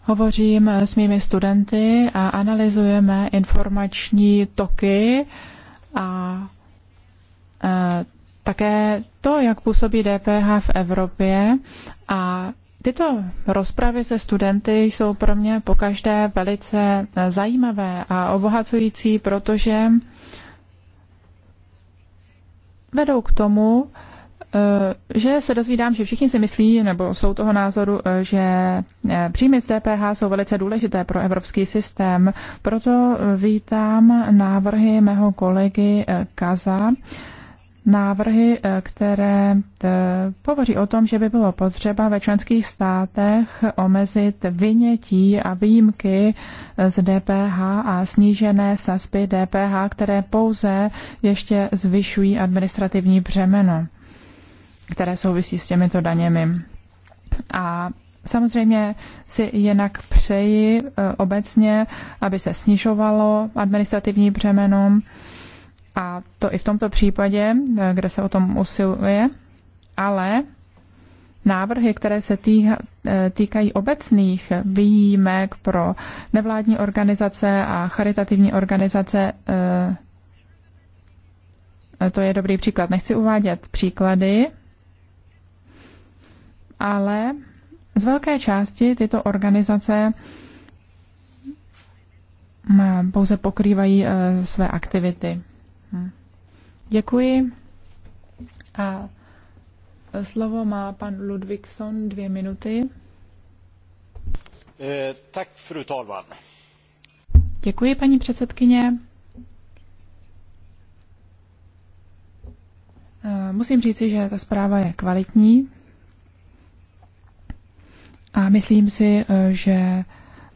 hovořím s mými studenty a analyzujeme informační toky a e, také to, jak působí DPH v Evropě a Tyto rozpravy se studenty jsou pro mě pokaždé velice e, zajímavé a obohacující, protože vedou k tomu, Eh, že se dozvídám, že všichni si myslí, nebo jsou toho názoru, eh, že eh, příjmy z DPH jsou velice důležité pro evropský systém. Proto vítám návrhy mého kolegy Kaza, návrhy, které povoří o tom, že by bylo potřeba ve členských státech omezit vynětí a výjimky z DPH a snížené sazby DPH, které pouze ještě zvyšují administrativní břemeno které souvisí s těmito daněmi. A Samozřejmě si jinak přeji eh, obecně, aby se snižovalo administrativní břemeno a to i v tomto případě, eh, kde se o tom usiluje, ale návrhy, které se eh, týkají obecných výjimek pro nevládní organizace a charitativní organizace, to je dobrý příklad. Nechci uvádět příklady, ale z velké části tyto organizace eh, pouze pokrývají eh, své aktivity. Hm. Děkuji. A slovo má pan Ludvíkson dvě minuty. Eh, tak, fru talman. Děkuji, paní předsedkyně. Musím říci, že ta zpráva je kvalitní. A myslím si, eh, že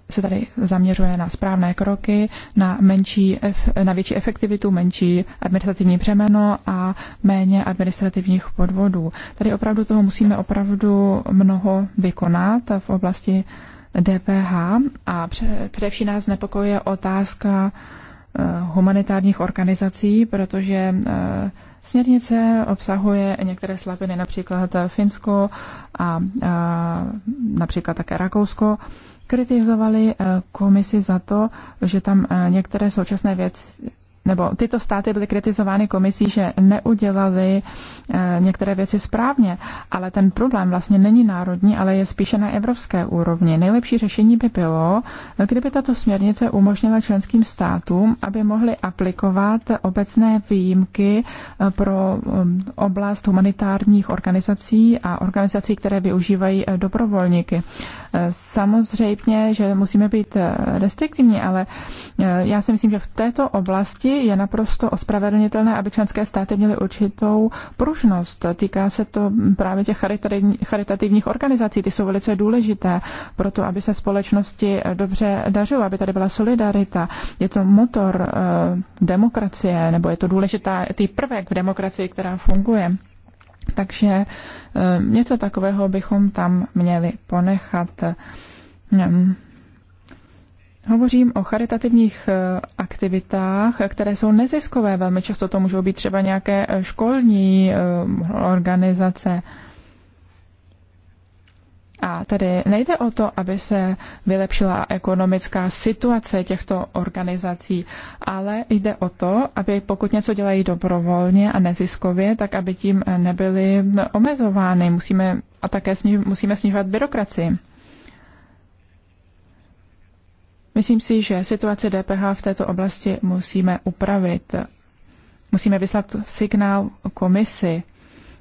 se tady zaměřuje na správné kroky, na, menší, na větší efektivitu, menší administrativní břemeno a méně administrativních podvodů. Tady opravdu toho musíme opravdu mnoho vykonat v oblasti DPH a především nás nepokojuje otázka Eh, humanitárních organizací, protože eh, směrnice obsahuje některé slabiny, například eh, Finsko a například také Rakousko, kritizovali komisi za to, že tam některé současné věci, nebo tyto státy byly kritizovány komisí, že neudělali eh, některé věci správně, ale ten problém vlastně není národní, ale je spíše na evropské úrovni. Nejlepší řešení by bylo, kdyby tato směrnice umožnila členským státům, aby mohly aplikovat obecné výjimky eh, pro eh, oblast humanitárních organizací a organizací, které využívají dobrovolníky. Samozřejmě, že musíme být restriktivní, ale já si myslím, že v této oblasti je naprosto ospravedlnitelné, aby členské státy měly určitou pružnost. Týká se to právě těch charitativních organizací, ty jsou velice důležité pro to, aby se společnosti dobře dařilo, aby tady byla solidarita. Je to motor uh, demokracie, nebo je to ty prvek v demokracii, která funguje. Takže uh, něco takového bychom tam měli ponechat. Um, Hovořím o charitativních eh, aktivitách, které jsou neziskové. Velmi často to můžou být třeba nějaké eh, školní eh, organizace. A tady nejde o to, aby se vylepšila ekonomická situace těchto organizací, ale jde o to, aby pokud něco dělají dobrovolně a neziskově, tak aby tím nebyly omezovány. Musíme a také musíme snižovat byrokracii. Myslím si, že situaci DPH v této oblasti musíme upravit. Musíme vyslat signál komisi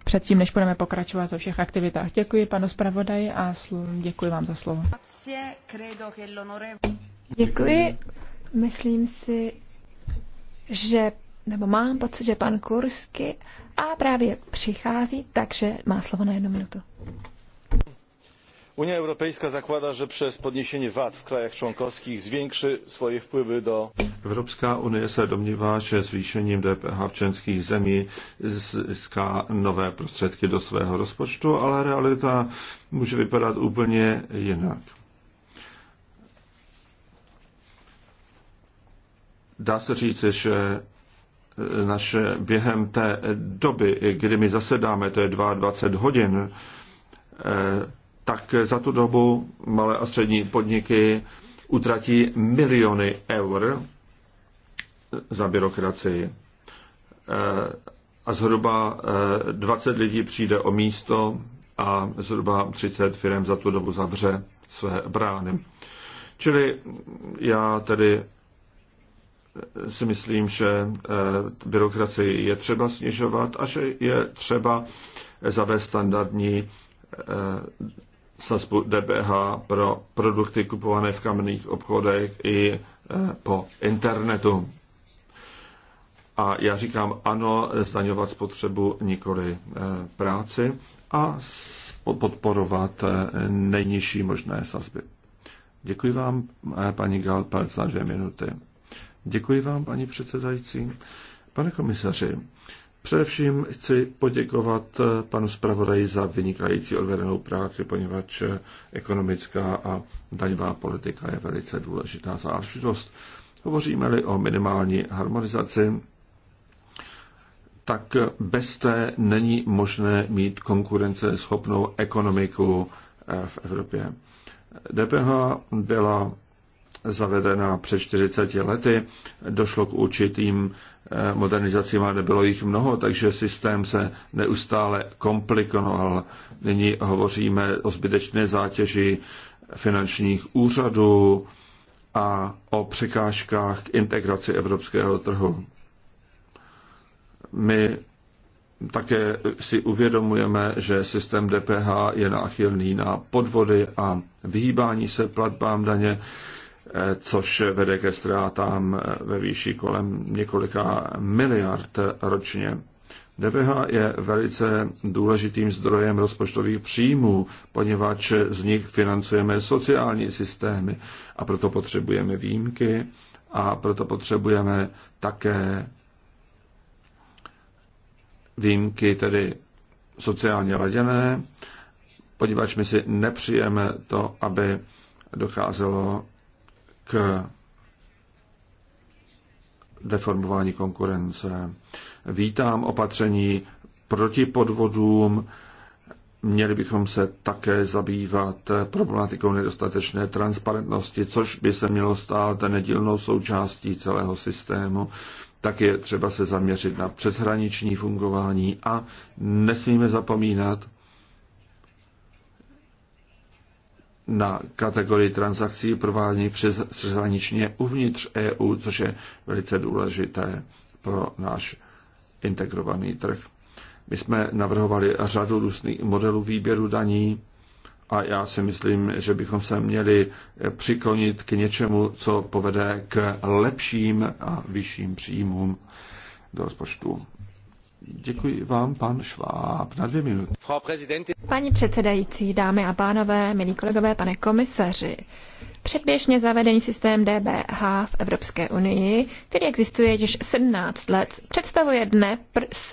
předtím, než budeme pokračovat ve všech aktivitách. Děkuji panu zpravodaji a děkuji vám za slovo. Děkuji. Myslím si, že, nebo mám pocit, že pan Kursky a právě přichází, takže má slovo na jednu minutu unia europejska zakłada że przez podniesienie vat w krajach członkowskich zwiększy swoje wpływy do Evropská unie se domnívá, že zvýšením DPH v členských zemí získá nové prostředky do svého rozpočtu, ale realita může vypadat úplně jinak. Dá se říci, že naše během té doby, kdy my zasedáme, to je 22 hodin, eh, tak za tu dobu malé a střední podniky utratí miliony eur za byrokracii. E, a zhruba 20 e, lidí přijde o místo a zhruba 30 firm za tu dobu zavře své brány. Čili já tedy e, si myslím, že byrokracii je třeba snižovat a že je třeba zavést standardní sazbu DPH pro produkty kupované v kamenných obchodech i eh, po internetu. A já říkám ano, zdaňovat spotřebu nikoli eh, práci a podporovat eh, nejnižší možné sazby. Děkuji vám, paní Galpel, za dvě minuty. Děkuji vám, paní předsedající. Pane komisaři, Především chci poděkovat eh, panu zpravodaji za vynikající odvedenou práci, poněvadž eh, ekonomická a daňová politika je velice důležitá záležitost. Hovoříme-li o minimální harmonizaci, tak bez té není možné mít konkurenceschopnou ekonomiku eh, v Evropě. DPH byla zavedena před 40 lety, došlo k určitým Eh, modernizací má nebylo jich mnoho, takže systém se neustále komplikoval. Nyní hovoříme o zbytečné zátěži finančních úřadů a o překážkách k integraci evropského trhu. My také si uvědomujeme, že systém DPH je náchylný na podvody a vyhýbání se platbám daně což vede ke ztrátám ve výši kolem několika miliard ročně. DPH je velice důležitým zdrojem rozpočtových příjmů, poněvadž z nich financujeme sociální systémy a proto potřebujeme výjimky a proto potřebujeme také výjimky tedy sociálně laděné, poněvadž my si nepřijeme to, aby docházelo k deformování konkurence. Vítám opatření proti podvodům. Měli bychom se také zabývat problematikou nedostatečné transparentnosti, což by se mělo stát nedílnou součástí celého systému. Tak je třeba se zaměřit na přeshraniční fungování a nesmíme zapomínat, na kategorii transakcí provádí přes přeshraničně uvnitř EU, což je velice důležité pro náš integrovaný trh. My jsme navrhovali řadu různých modelů výběru daní a já si myslím, že bychom se měli přiklonit k něčemu, co povede k lepším a vyšším příjmům do rozpočtu. Děkuji vám, pan Šváb, na dvě minuty. Paní předsedající, dámy a pánové, milí kolegové, pane komisaři, předběžně zavedený systém DBH v Evropské unii, který existuje již 17 let, představuje dne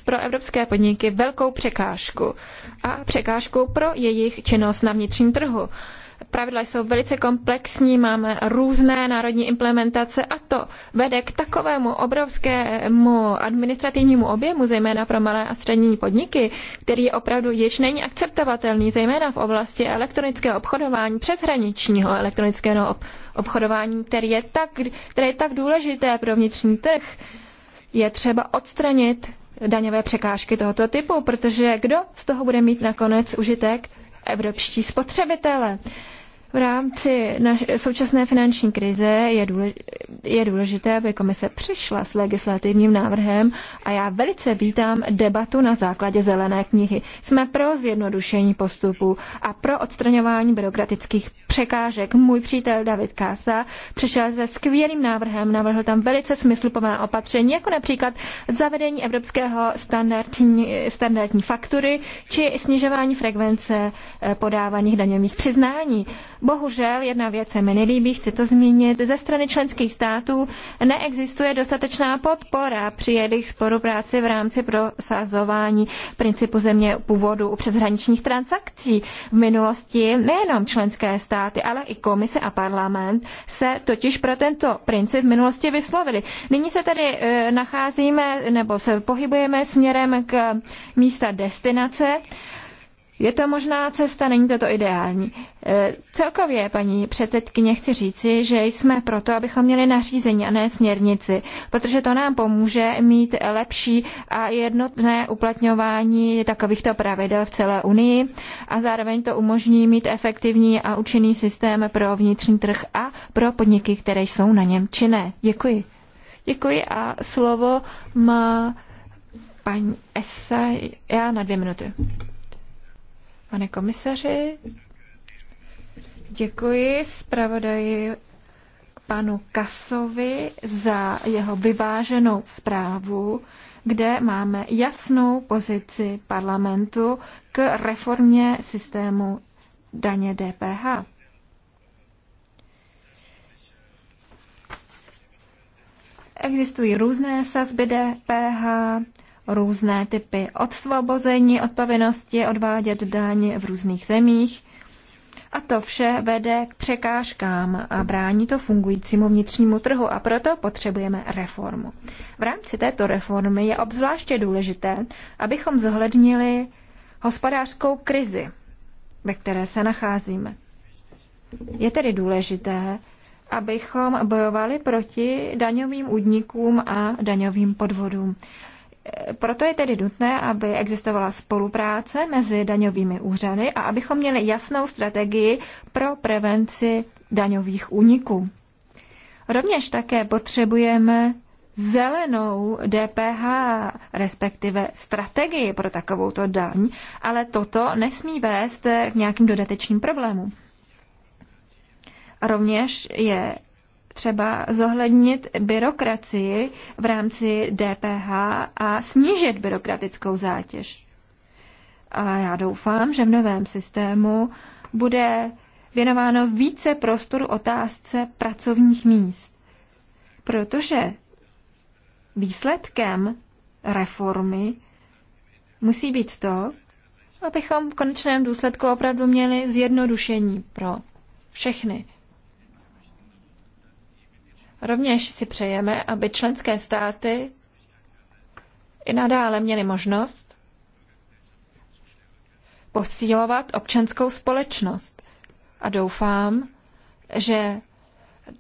pro evropské podniky velkou překážku a překážku pro jejich činnost na vnitřním trhu. Pravidla jsou velice komplexní, máme různé národní implementace a to vede k takovému obrovskému administrativnímu objemu, zejména pro malé a střední podniky, který je opravdu již není akceptovatelný, zejména v oblasti elektronického obchodování, přeshraničního elektronického obchodování, který je tak, které je tak důležité pro vnitřní trh. Je třeba odstranit daňové překážky tohoto typu, protože kdo z toho bude mít nakonec užitek? evropští spotřebitele. V rámci současné finanční krize je, důlež- je důležité, aby komise přišla s legislativním návrhem a já velice vítám debatu na základě zelené knihy. Jsme pro zjednodušení postupu a pro odstraňování byrokratických překážek. Můj přítel David Kasa přišel se skvělým návrhem, navrhl tam velice smysluplná opatření, jako například zavedení evropského standardní, standardní faktury či snižování frekvence eh, podávaných daňových přiznání. Bohužel jedna věc se mi nelíbí, chci to zmínit. Ze strany členských států neexistuje dostatečná podpora při jejich spolupráci v rámci prosazování principu země původu u přeshraničních transakcí. V minulosti nejenom členské státy, ale i komise a parlament se totiž pro tento princip v minulosti vyslovili. Nyní se tady e, nacházíme nebo se pohybujeme směrem k místa destinace je to možná cesta, není to to ideální. E, celkově, paní předsedkyně, chci říci, že jsme proto, abychom měli nařízení a ne směrnici, protože to nám pomůže mít lepší a jednotné uplatňování takovýchto pravidel v celé Unii a zároveň to umožní mít efektivní a účinný systém pro vnitřní trh a pro podniky, které jsou na něm činné. Děkuji. Děkuji a slovo má paní Esa já na dvě minuty. Pane komisaři, děkuji zpravodaji panu Kasovi za jeho vyváženou zprávu, kde máme jasnou pozici parlamentu k reformě systému daně DPH. Existují různé sazby DPH, různé typy odsvobození od povinnosti odvádět daň v různých zemích. A to vše vede k překážkám a brání to fungujícímu vnitřnímu trhu a proto potřebujeme reformu. V rámci této reformy je obzvláště důležité, abychom zohlednili hospodářskou krizi, ve které se nacházíme. Je tedy důležité, abychom bojovali proti daňovým údnikům a daňovým podvodům. Proto je tedy nutné, aby existovala spolupráce mezi daňovými úřady a abychom měli jasnou strategii pro prevenci daňových úniků. Rovněž také potřebujeme zelenou DPH, respektive strategii pro takovouto daň, ale toto nesmí vést k nějakým dodatečným problémům. Rovněž je třeba zohlednit byrokracii v rámci DPH a snížit byrokratickou zátěž. A já doufám, že v novém systému bude věnováno více prostoru otázce pracovních míst, protože výsledkem reformy musí být to, abychom v konečném důsledku opravdu měli zjednodušení pro všechny Rovněž si přejeme, aby členské státy i nadále měly možnost posílovat občanskou společnost. A doufám, že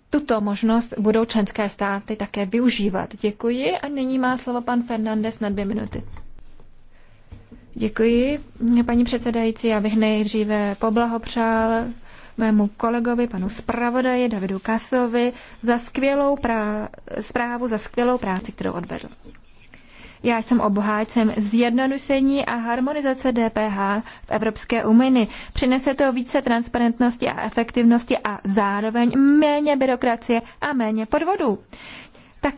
tuto možnost budou členské státy také využívat. Děkuji a nyní má slovo pan Fernandez na dvě minuty. Děkuji, paní předsedající. Já bych nejdříve poblahopřál mému kolegovi, panu zpravodaji Davidu Kasovi, za skvělou prá- zprávu, za skvělou práci, kterou odvedl. Já jsem obhájcem zjednodušení a harmonizace DPH v Evropské unii. Přinese to více transparentnosti a efektivnosti a zároveň méně byrokracie a méně podvodů. Tak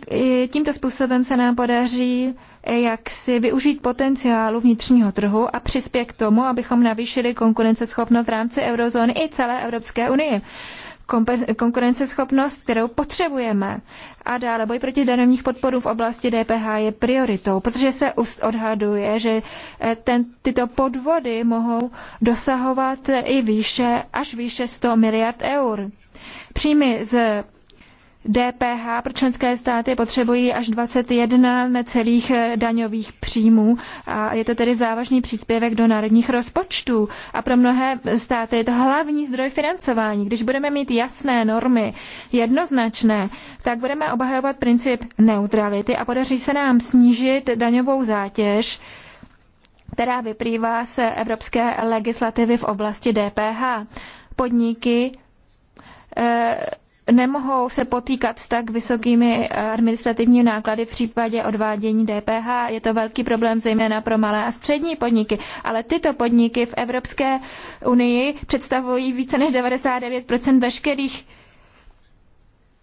tímto způsobem se nám podaří jak si využít potenciálu vnitřního trhu a přispět k tomu, abychom navýšili konkurenceschopnost v rámci eurozóny i celé Evropské unie konkurenceschopnost, kterou potřebujeme. A dále boj proti daňových podporů v oblasti DPH je prioritou, protože se odhaduje, že eh, ten, tyto podvody mohou dosahovat i výše, až výše 100 miliard eur. Příjmy z DPH pro členské státy potřebují až 21 necelých eh, daňových příjmů a je to tedy závažný příspěvek do národních rozpočtů a pro mnohé státy je to hlavní zdroj financování. Když budeme mít jasné normy, jednoznačné, tak budeme obhajovat princip neutrality a podaří se nám snížit daňovou zátěž která vyplývá z evropské legislativy v oblasti DPH. Podniky eh, nemohou se potýkat s tak vysokými eh, administrativními náklady v případě odvádění DPH. Je to velký problém zejména pro malé a střední podniky, ale tyto podniky v Evropské unii představují více než 99% veškerých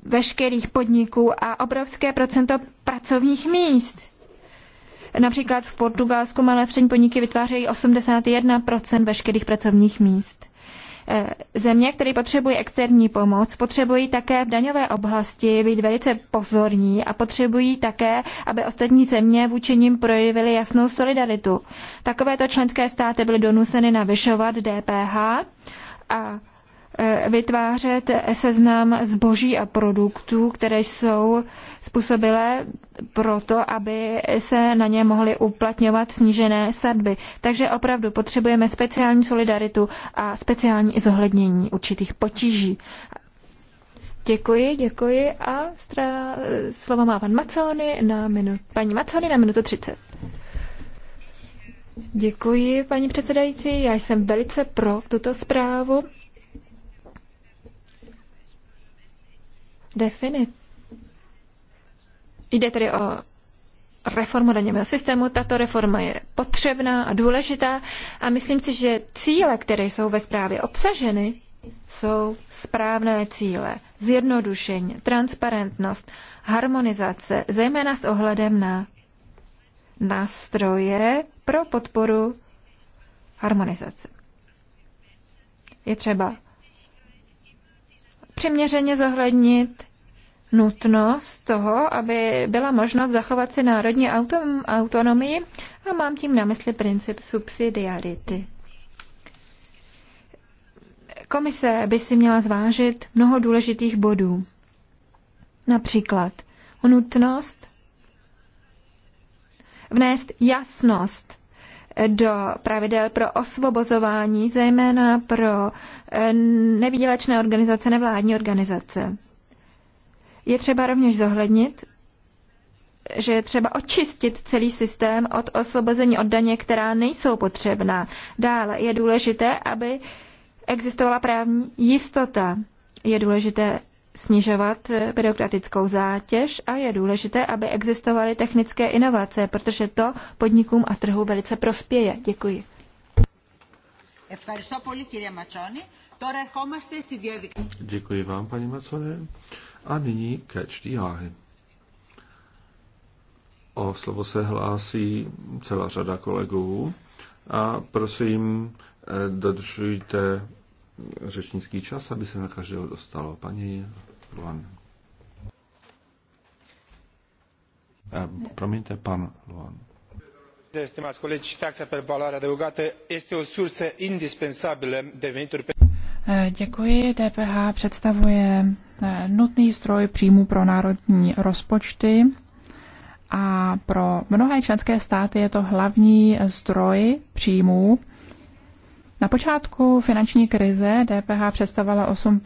veškerých podniků a obrovské procento pracovních míst. Například v Portugalsku malé střední podniky vytvářejí 81% veškerých pracovních míst. Eh, země, které potřebují externí pomoc, potřebují také v daňové oblasti být velice pozorní a potřebují také, aby ostatní země vůči nim projevily jasnou solidaritu. Takovéto členské státy byly donuceny navyšovat DPH a Eh, vytvářet seznam zboží a produktů, které jsou způsobilé proto, aby se na ně mohly uplatňovat snížené sadby. Takže opravdu potřebujeme speciální solidaritu a speciální zohlednění určitých potíží. Děkuji, děkuji a stra... slovo má pan Macony na minutu. Paní Macony na minutu 30. Děkuji, paní předsedající. Já jsem velice pro tuto zprávu. definit. Jde tedy o reformu daňového systému. Tato reforma je potřebná a důležitá a myslím si, že cíle, které jsou ve zprávě obsaženy, jsou správné cíle. Zjednodušení, transparentnost, harmonizace, zejména s ohledem na nástroje pro podporu harmonizace. Je třeba přiměřeně zohlednit nutnost toho, aby byla možnost zachovat si národní autonomii a mám tím na mysli princip subsidiarity. Komise by si měla zvážit mnoho důležitých bodů. Například nutnost vnést jasnost do pravidel pro osvobozování, zejména pro eh, nevýdělečné organizace, nevládní organizace. Je třeba rovněž zohlednit, že je třeba očistit celý systém od osvobození od daně, která nejsou potřebná. Dále je důležité, aby existovala právní jistota. Je důležité snižovat byrokratickou zátěž a je důležité, aby existovaly technické inovace, protože to podnikům a trhu velice prospěje. Děkuji. Děkuji vám, paní Macone. A nyní ke the O slovo se hlásí celá řada kolegů a prosím, eh, dodržujte řečnický čas, aby se na každého dostalo. Paní Luan. Eh, promiňte, pan Luan. Stimați colegi, taxa pe valoare adăugată este o sursă indispensabilă de venituri pe... Eh, děkuji. DPH představuje eh, nutný stroj příjmu pro národní rozpočty a pro mnohé členské státy je to hlavní zdroj příjmů. Na počátku finanční krize DPH představovala 8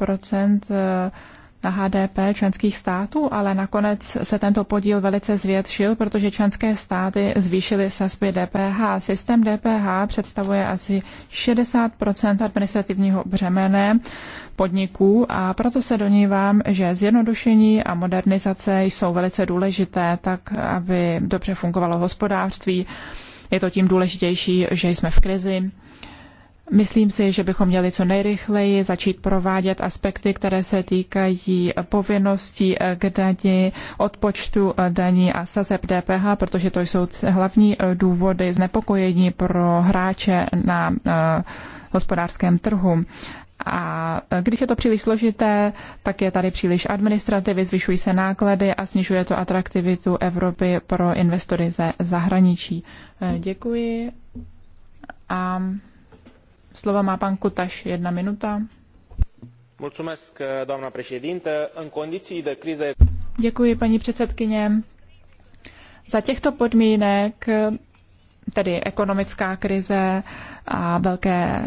na HDP členských států, ale nakonec se tento podíl velice zvětšil, protože členské státy zvýšily sazby DPH. Systém DPH představuje asi 60 administrativního břemene podniků a proto se donívám, že zjednodušení a modernizace jsou velice důležité, tak aby dobře fungovalo hospodářství. Je to tím důležitější, že jsme v krizi Myslím si, že bychom měli co nejrychleji začít provádět aspekty, které se týkají povinností k dani, odpočtu daní a sazeb DPH, protože to jsou hlavní důvody znepokojení pro hráče na eh, hospodářském trhu. A když je to příliš složité, tak je tady příliš administrativy, zvyšují se náklady a snižuje to atraktivitu Evropy pro investory ze zahraničí. Eh, děkuji. A Slova má pan Kutaš, jedna minuta. Mulțumesc, doamna președinte. În condiții de krize... Děkuji, paní předsedkyně. Za těchto podmínek, tedy ekonomická krize a velké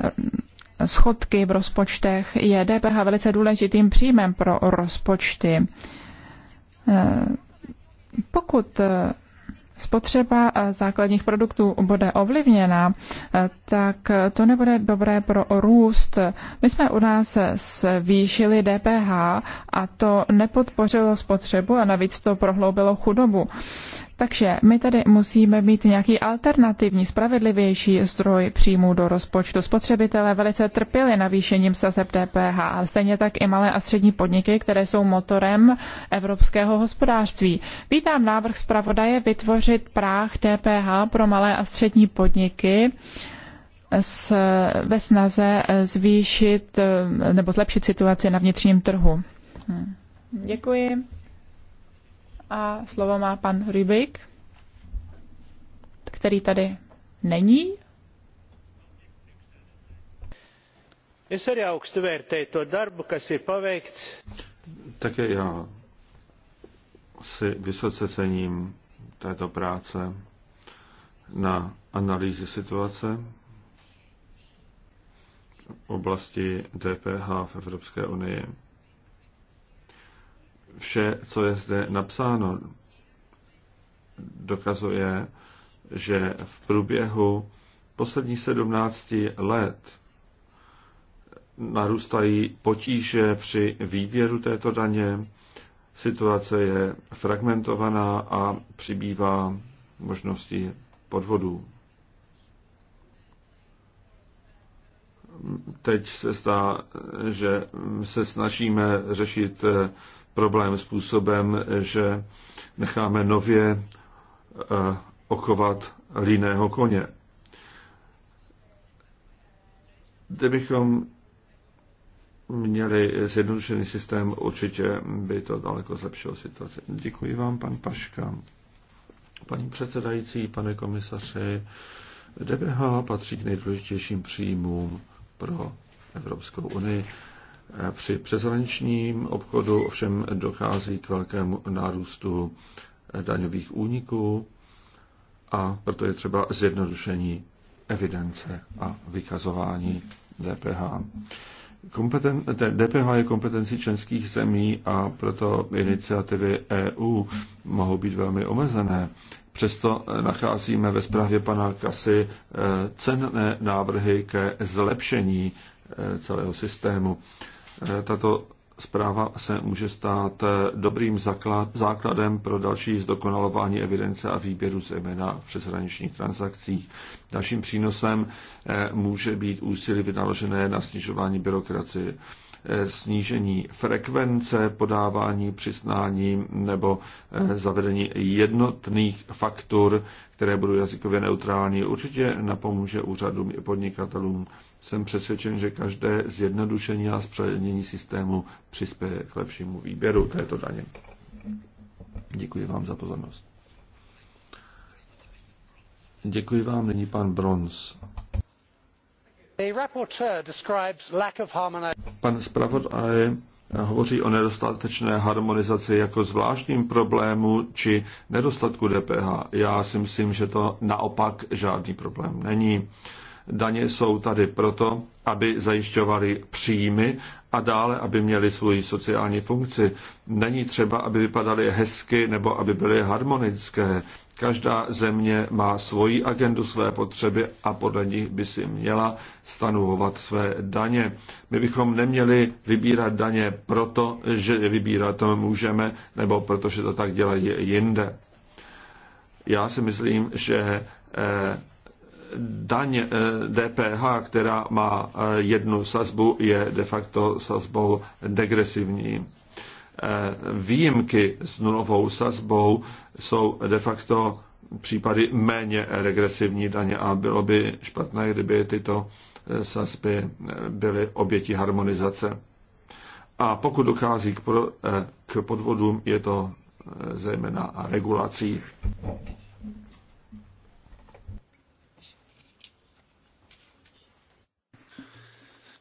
schodky v rozpočtech, je DPH velice důležitým příjmem pro rozpočty. Pokud spotřeba eh, základních produktů bude ovlivněna, eh, tak to nebude dobré pro růst. My jsme u nás zvýšili DPH a to nepodpořilo spotřebu a navíc to prohloubilo chudobu. Takže my tady musíme mít nějaký alternativní, spravedlivější zdroj příjmů do rozpočtu. Spotřebitelé velice trpěli navýšením sazeb DPH, ale stejně tak i malé a střední podniky, které jsou motorem evropského hospodářství. Vítám návrh zpravodaje vytvořit práh DPH pro malé a střední podniky s, ve snaze zvýšit eh, nebo zlepšit situaci na vnitřním trhu. Hm. Děkuji a slovo má pan Rybik, který tady není. darbu, Také já si vysoce cením této práce na analýzi situace v oblasti DPH v Evropské unii vše, co je zde napsáno, dokazuje, že v průběhu posledních sedmnácti let narůstají potíže při výběru této daně, situace je fragmentovaná a přibývá možnosti podvodů. Teď se zdá, že se snažíme řešit problém způsobem, že necháme nově eh, okovat líného koně. Kdybychom měli zjednodušený systém, určitě by to daleko zlepšilo situaci. Děkuji vám, pan Paška. Paní předsedající, pane komisaři, DBH patří k nejdůležitějším příjmům pro Evropskou unii. Při přeshraničním obchodu ovšem dochází k velkému nárůstu eh, daňových úniků a proto je třeba zjednodušení evidence a vykazování DPH. Kompeten, DPH je kompetencí členských zemí a proto iniciativy EU mohou být velmi omezené. Přesto eh, nacházíme ve zprávě pana Kasy eh, cenné návrhy ke zlepšení celého systému. Eh, tato zpráva se může stát eh, dobrým základ, základem pro další zdokonalování evidence a výběru zejména v přeshraničních transakcích. Dalším přínosem eh, může být úsilí vynaložené na snižování byrokracie. Eh, snížení frekvence, podávání přiznání nebo eh, zavedení jednotných faktur, které budou jazykově neutrální, určitě napomůže úřadům i podnikatelům. Jsem přesvědčen, že každé zjednodušení a zpřednění systému přispěje k lepšímu výběru této daně. Děkuji vám za pozornost. Děkuji vám, nyní pan Bronz. Pan zpravodaj hovoří o nedostatečné harmonizaci jako zvláštním problému či nedostatku DPH. Já si myslím, že to naopak žádný problém není. Daně jsou tady proto, aby zajišťovali příjmy a dále, aby měli svoji sociální funkci. Není třeba, aby vypadaly hezky nebo aby byly harmonické. Každá země má svoji agendu, své potřeby a podle nich by si měla stanovovat své daně. My bychom neměli vybírat daně proto, že je vybírat můžeme, nebo protože to tak dělají jinde. Já si myslím, že eh, daň DPH, eh, která má eh, jednu sazbu, je de facto sazbou degresivní. Eh, výjimky s nulovou sazbou jsou de facto případy méně regresivní daně a bylo by špatné, kdyby tyto eh, sazby eh, byly oběti harmonizace. A pokud dochází k, podvodům, je to zejména regulací.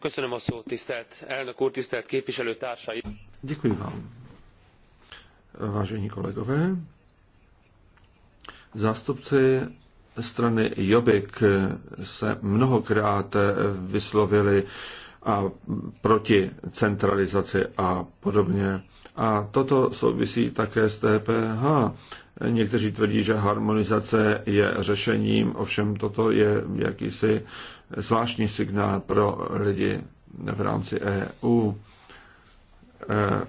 Köszönöm a szót, tisztelt elnök úr, tisztelt képviselőtársai! Děkuji vám. Vážení kolegové, zástupci strany Jobik se mnohokrát vyslovili a proti centralizaci a podobně. A toto souvisí také s TPH. Někteří tvrdí, že harmonizace je řešením, ovšem toto je jakýsi zvláštní signál pro lidi v rámci EU. Eh,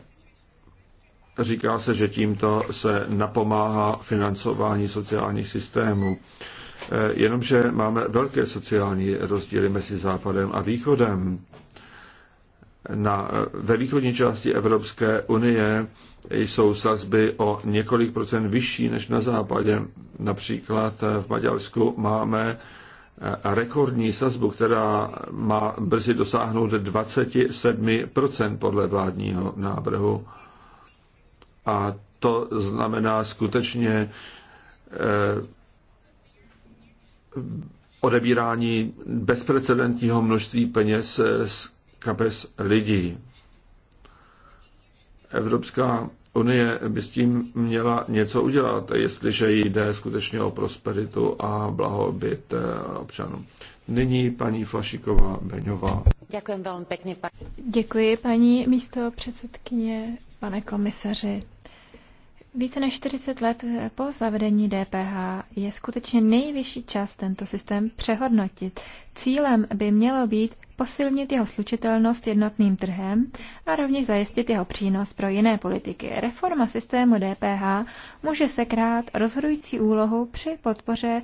říká se, že tímto se napomáhá financování sociálních systémů. Eh, jenomže máme velké sociální rozdíly mezi Západem a Východem. Na, eh, ve východní části Evropské unie jsou sazby o několik procent vyšší než na západě. Například v Maďarsku máme rekordní sazbu, která má brzy dosáhnout 27% podle vládního návrhu. A to znamená skutečně eh, odebírání bezprecedentního množství peněz eh, z kapes lidí. Evropská unie by s tím měla něco udělat, jestliže jde skutečně o prosperitu a blahobyt eh, občanů. Nyní paní Flašiková Beňová. Děkuji velmi pěkně. Pa... Děkuji paní místo předsedkyně, pane komisaři. Více než 40 let po zavedení DPH je skutečně nejvyšší čas tento systém přehodnotit. Cílem by mělo být posilnit jeho slučitelnost jednotným trhem a rovněž zajistit jeho přínos pro jiné politiky. Reforma systému DPH může sekrát rozhodující úlohu při podpoře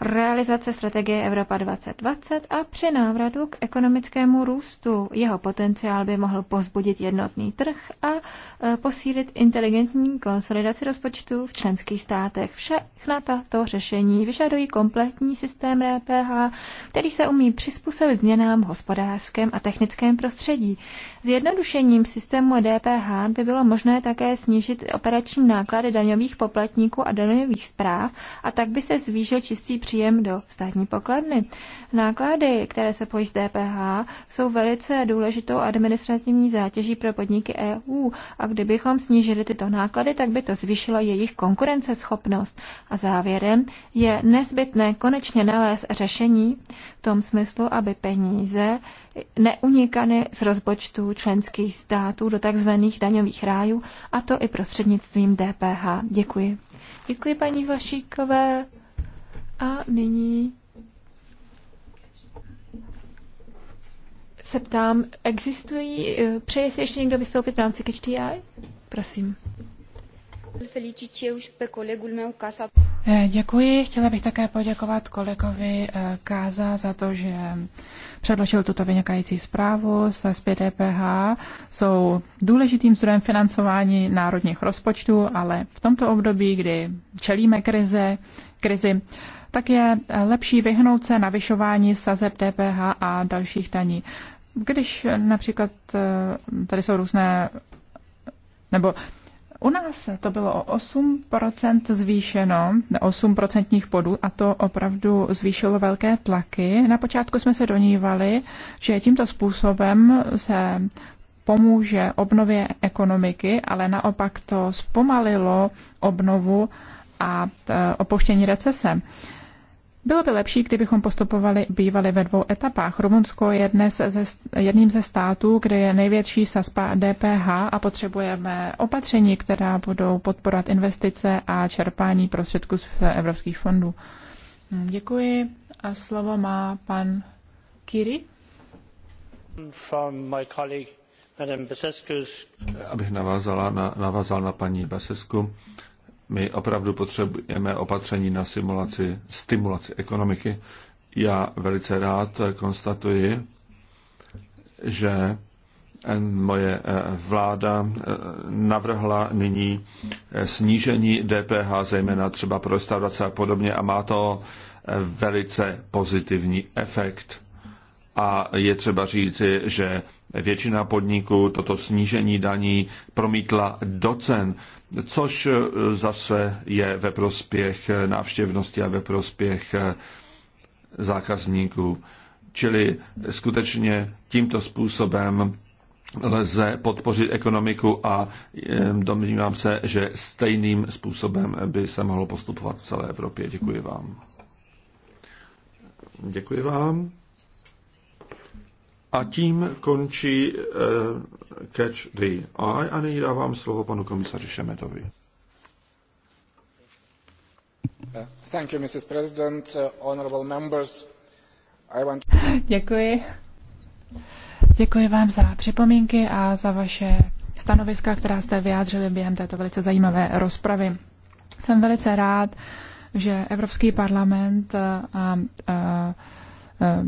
realizace strategie Evropa 2020 a při návratu k ekonomickému růstu. Jeho potenciál by mohl pozbudit jednotný trh a e, posílit inteligentní konsolidaci rozpočtu v členských státech. Všechna tato řešení vyžadují kompletní systém RPH, který se umí přizpůsobit změnám v hospodářském a technickém prostředí. Zjednodušením systému DPH by bylo možné také snížit operační náklady daňových poplatníků a daňových zpráv a tak by se zvýšil čistý příjem do státní pokladny. Náklady, které se pojí z DPH, jsou velice důležitou administrativní zátěží pro podniky EU a kdybychom snížili tyto náklady, tak by to zvýšilo jejich konkurenceschopnost. A závěrem je nezbytné konečně nalézt řešení v tom smyslu, aby peníze neunikaly z rozpočtu členských států do tzv. daňových rájů, a to i prostřednictvím DPH. Děkuji. Děkuji paní Vašíkové. A nyní se ptám, existují, eh, přeje si ještě někdo vystoupit v rámci KHTI? Prosím. Eh, děkuji. Chtěla bych také poděkovat kolegovi eh, Káza za to, že předložil tuto vynikající zprávu. SESPY SPDPH. jsou důležitým zdrojem financování národních rozpočtů, ale v tomto období, kdy čelíme krize, krizi, tak je lepší vyhnout se navyšování sazeb DPH a dalších daní. Když například eh, tady jsou různé, nebo u nás to bylo o 8% zvýšeno, 8% podů, a to opravdu zvýšilo velké tlaky. Na počátku jsme se donívali, že tímto způsobem se pomůže obnově ekonomiky, ale naopak to zpomalilo obnovu a e, opouštění recese. Bylo by lepší, kdybychom postupovali bývali ve dvou etapách. Rumunsko je dnes ze, jedním ze států, kde je největší sazba DPH a potřebujeme opatření, která budou podporovat investice a čerpání prostředků z evropských fondů. Hm, děkuji. A slovo má pan Kiri. Abych navázala na, navázal na paní Basesku. My opravdu potřebujeme opatření na simulaci, stimulaci ekonomiky. Já velice rád konstatuji, že moje eh, vláda eh, navrhla nyní eh, snížení DPH, zejména třeba pro restaurace a podobně, a má to velice pozitivní efekt. A je třeba říci, že Většina podniků toto snížení daní promítla do cen, což e, zase je ve prospěch návštěvnosti a ve prospěch e, zákazníků. Čili skutečně tímto způsobem lze podpořit ekonomiku a e, domnívám se, že stejným způsobem by se mohlo postupovat v celé Evropě. Děkuji vám. Děkuji vám. A tím končí uh, Catch the Eye a nyní dávám slovo panu komisaři Šemetovi. Uh, thank you, Mrs. President, uh, honorable members. I want... Děkuji. Děkuji vám za připomínky a za vaše stanoviska, která jste vyjádřili během této velice zajímavé rozpravy. Jsem velice rád, že Evropský parlament eh, a, a, eh, a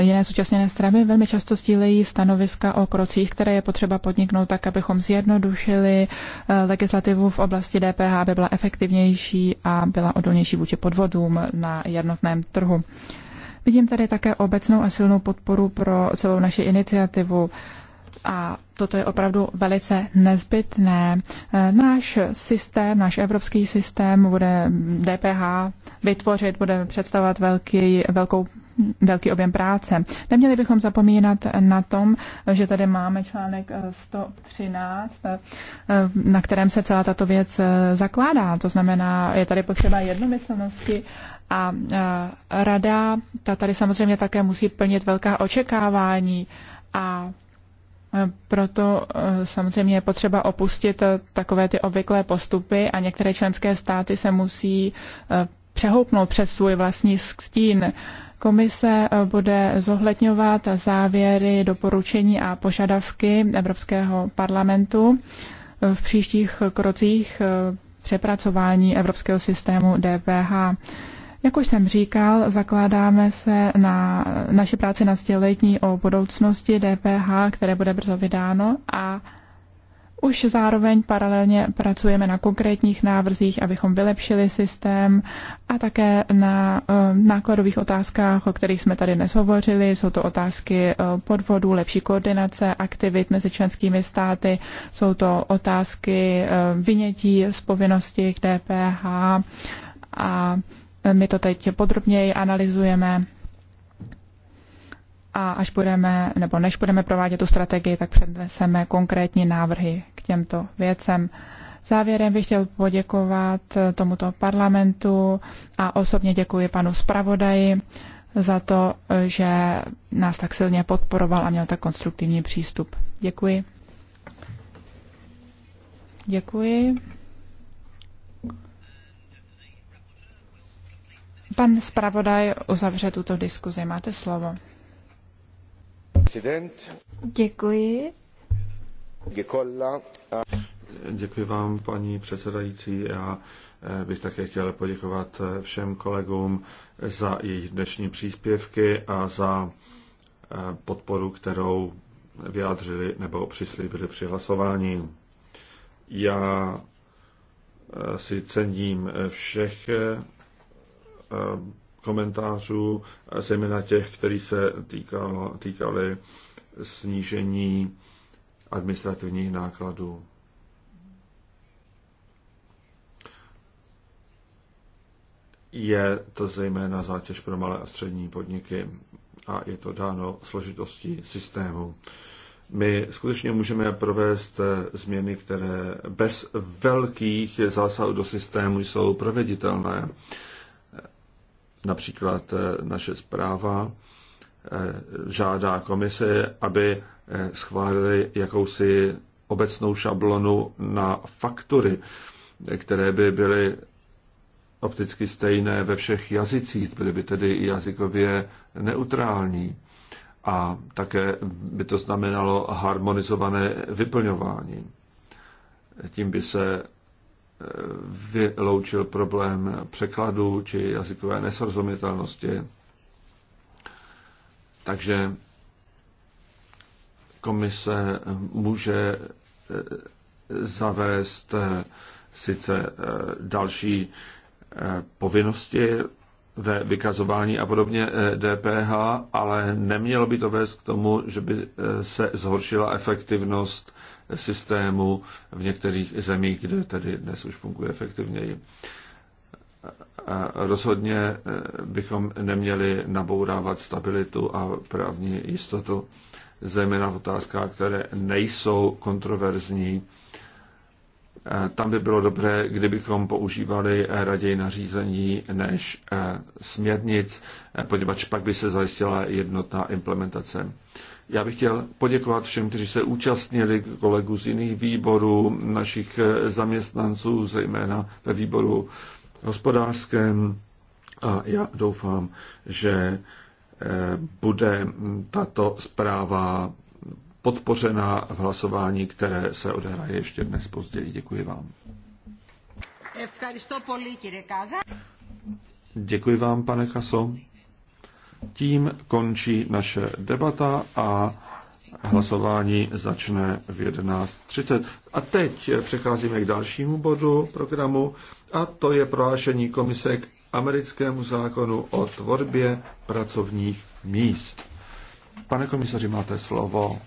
jiné současněné strany velmi často stílejí stanoviska o krocích, které je potřeba podniknout tak, abychom zjednodušili eh, legislativu v oblasti DPH, aby byla efektivnější a byla odolnější vůči podvodům na jednotném trhu. Vidím tady také obecnou a silnou podporu pro celou naši iniciativu. A toto je opravdu velice nezbytné. Eh, náš systém, náš evropský systém bude DPH vytvořit, bude představovat velký, velkou velký objem práce. Neměli bychom zapomínat na tom, že tady máme článek 113, eh, eh, na kterém se celá tato věc eh, zakládá. To znamená, je tady potřeba jednomyslnosti a rada, ta tady samozřejmě také musí plnit velká očekávání a proto samozřejmě je potřeba opustit takové ty obvyklé postupy a některé členské státy se musí přehoupnout přes svůj vlastní stín. Komise eh, bude zohledňovat závěry, doporučení a požadavky Evropského parlamentu v příštích krocích eh, přepracování evropského systému DPH. Jak už jsem říkal, zakládáme se na naše práci na sdělení o budoucnosti DPH, které bude brzo vydáno a už zároveň paralelně pracujeme na konkrétních návrzích, abychom vylepšili systém a také na eh, nákladových otázkách, o kterých jsme tady dnes hovořili. Jsou to otázky eh, podvodů, lepší koordinace aktivit mezi členskými státy, jsou to otázky eh, vynětí z povinnosti k DPH a my to teď podrobněji analyzujeme a až budeme, nebo než budeme provádět tu strategii, tak předneseme konkrétní návrhy k těmto věcem. Závěrem bych chtěl poděkovat tomuto parlamentu a osobně děkuji panu zpravodaji za to, že nás tak silně podporoval a měl tak konstruktivní přístup. Děkuji. Děkuji. Pan zpravodaj uzavře tuto diskuzi. Máte slovo. Děkuji. Děkuji vám, paní předsedající. Já eh, bych také chtěl poděkovat eh, všem kolegům za jejich dnešní příspěvky a za eh, podporu, kterou vyjádřili nebo přislíbili při hlasování. Já si cením všech komentářů, zejména těch, který se týkal, týkali snížení administrativních nákladů. Je to zejména zátěž pro malé a střední podniky a je to dáno složitostí systému. My skutečně můžeme provést změny, které bez velkých zásahů do systému jsou proveditelné. Například eh, naše zpráva eh, žádá komise, aby eh, schválili jakousi obecnou šablonu na faktory, které by byly opticky stejné ve všech jazycích, byly by tedy jazykově neutrální. A také by to znamenalo harmonizované vyplňování. Tím by se vyloučil problém překladu či jazykové nesrozumitelnosti. Takže komise může eh, zavést eh, sice eh, další povinnosti ve vykazování a podobně DPH, ale nemělo by to vést k tomu, že by se zhoršila efektivnost systému v některých zemích, kde tedy dnes už funguje efektivněji. A rozhodně eh, bychom neměli nabourávat stabilitu a právní jistotu, zejména v otázkách, které nejsou kontroverzní. Eh, tam by bylo dobré, kdybychom používali raději nařízení než eh, směrnic, poněvadž pak by se zajistila jednotná implementace. Já bych chtěl poděkovat všem, kteří se účastnili, kolegů z jiných výborů, našich eh, zaměstnanců, zejména ve výboru hospodářském. A já doufám, že eh, bude tato zpráva podpořena v hlasování, které se odehraje ještě dnes později. Děkuji vám. Děkuji vám, pane Kaso. Tím končí naše debata a hlasování začne v 11.30. A teď přecházíme k dalšímu bodu programu a to je prohlášení komise k americkému zákonu o tvorbě pracovních míst. Pane komisaři, máte slovo.